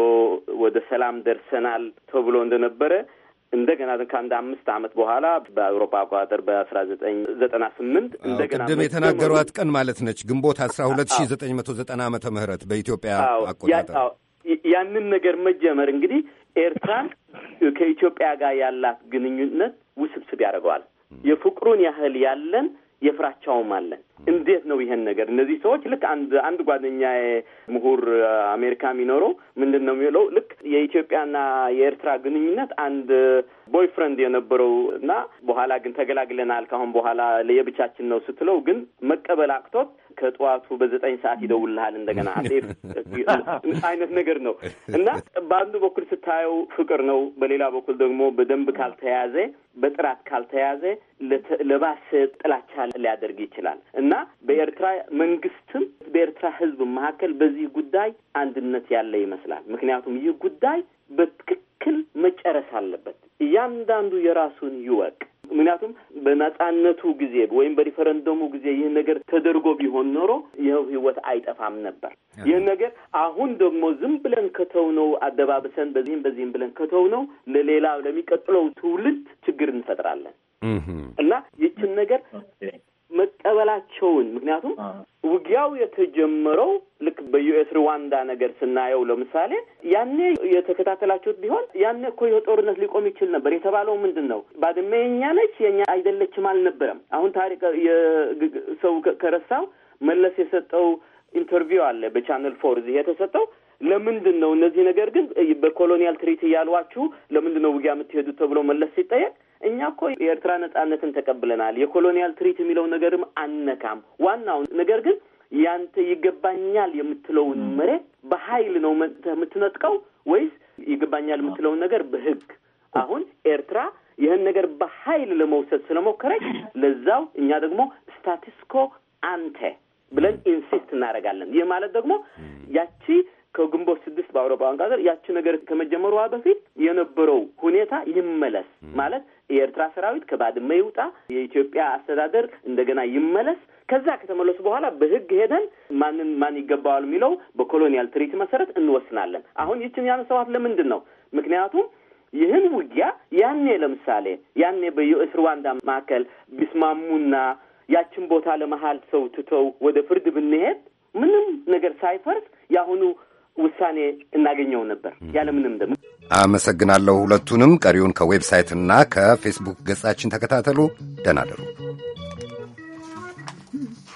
ወደ ሰላም ደርሰናል ተብሎ እንደነበረ እንደገና ከአንድ አምስት ዓመት በኋላ በአውሮፓ አቆጣጠር በአስራ ዘጠኝ ዘጠና ስምንት እንደገና ቅድም የተናገሯት ቀን ማለት ነች ግንቦት አስራ ሁለት ሺ ዘጠኝ መቶ ዘጠና ዓመተ ምህረት በኢትዮጵያ አቆጣጠር ያንን ነገር መጀመር እንግዲህ ኤርትራን ከኢትዮጵያ ጋር ያላት ግንኙነት ውስብስብ ያደርገዋል። የፍቅሩን ያህል ያለን የፍራቻውም አለን። እንዴት ነው ይሄን ነገር እነዚህ ሰዎች ልክ አንድ አንድ ጓደኛ ምሁር አሜሪካ የሚኖረው ምንድን ነው የሚለው ልክ የኢትዮጵያና የኤርትራ ግንኙነት አንድ ቦይፍሬንድ የነበረው እና በኋላ ግን ተገላግለናል ካሁን በኋላ ለየብቻችን ነው ስትለው ግን መቀበል አቅቶት ከጠዋቱ በዘጠኝ ሰዓት ይደውልሃል እንደገና አይነት ነገር ነው እና በአንዱ በኩል ስታየው ፍቅር ነው፣ በሌላ በኩል ደግሞ በደንብ ካልተያዘ፣ በጥራት ካልተያዘ ለባሰ ጥላቻ ሊያደርግ ይችላል። እና በኤርትራ መንግስትም በኤርትራ ህዝብ መካከል በዚህ ጉዳይ አንድነት ያለ ይመስላል። ምክንያቱም ይህ ጉዳይ በትክክል መጨረስ አለበት። እያንዳንዱ የራሱን ይወቅ። ምክንያቱም በነጻነቱ ጊዜ ወይም በሪፈረንደሙ ጊዜ ይህን ነገር ተደርጎ ቢሆን ኖሮ ይኸው ህይወት አይጠፋም ነበር። ይህን ነገር አሁን ደግሞ ዝም ብለን ከተው ነው አደባብሰን በዚህም በዚህም ብለን ከተው ነው ለሌላ ለሚቀጥለው ትውልድ ችግር እንፈጥራለን እና ይችን ነገር መቀበላቸውን ምክንያቱም ውጊያው የተጀመረው ልክ በዩኤስ ሩዋንዳ ነገር ስናየው ለምሳሌ ያኔ የተከታተላችሁት ቢሆን ያኔ እኮ ይህ ጦርነት ሊቆም ይችል ነበር የተባለው ምንድን ነው? ባድመ የኛ ነች የኛ አይደለችም አልነበረም። አሁን ታሪክ የሰው ከረሳው መለስ የሰጠው ኢንተርቪው አለ በቻነል ፎር እዚህ የተሰጠው ለምንድን ነው እነዚህ ነገር ግን በኮሎኒያል ትሪት እያሏችሁ ለምንድን ነው ውጊያ የምትሄዱት ተብሎ መለስ ሲጠየቅ እኛ እኮ የኤርትራ ነጻነትን ተቀብለናል። የኮሎኒያል ትሪት የሚለውን ነገርም አነካም። ዋናው ነገር ግን ያንተ ይገባኛል የምትለውን መሬት በኃይል ነው የምትነጥቀው ወይስ ይገባኛል የምትለውን ነገር በህግ አሁን ኤርትራ ይህን ነገር በኃይል ለመውሰድ ስለሞከረች ለዛው እኛ ደግሞ ስታቲስኮ አንተ ብለን ኢንሲስት እናደርጋለን። ይህ ማለት ደግሞ ያቺ ከግንቦት ስድስት በአውሮፓ አቆጣጠር ያቺ ነገር ከመጀመሯ በፊት የነበረው ሁኔታ ይመለስ ማለት የኤርትራ ሰራዊት ከባድመ ይውጣ፣ የኢትዮጵያ አስተዳደር እንደገና ይመለስ። ከዛ ከተመለሱ በኋላ በህግ ሄደን ማንን ማን ይገባዋል የሚለው በኮሎኒያል ትሪት መሰረት እንወስናለን። አሁን ይችን ያነሳኋት ለምንድን ነው? ምክንያቱም ይህን ውጊያ ያኔ ለምሳሌ ያኔ በዩኤስ ሩዋንዳ ማዕከል ቢስማሙና ያችን ቦታ ለመሀል ሰው ትተው ወደ ፍርድ ብንሄድ ምንም ነገር ሳይፈርስ የአሁኑ ውሳኔ እናገኘው ነበር ያለምንም ደግሞ። አመሰግናለሁ ሁለቱንም። ቀሪውን ከዌብሳይትና ከፌስቡክ ገጻችን ተከታተሉ። ደናደሩ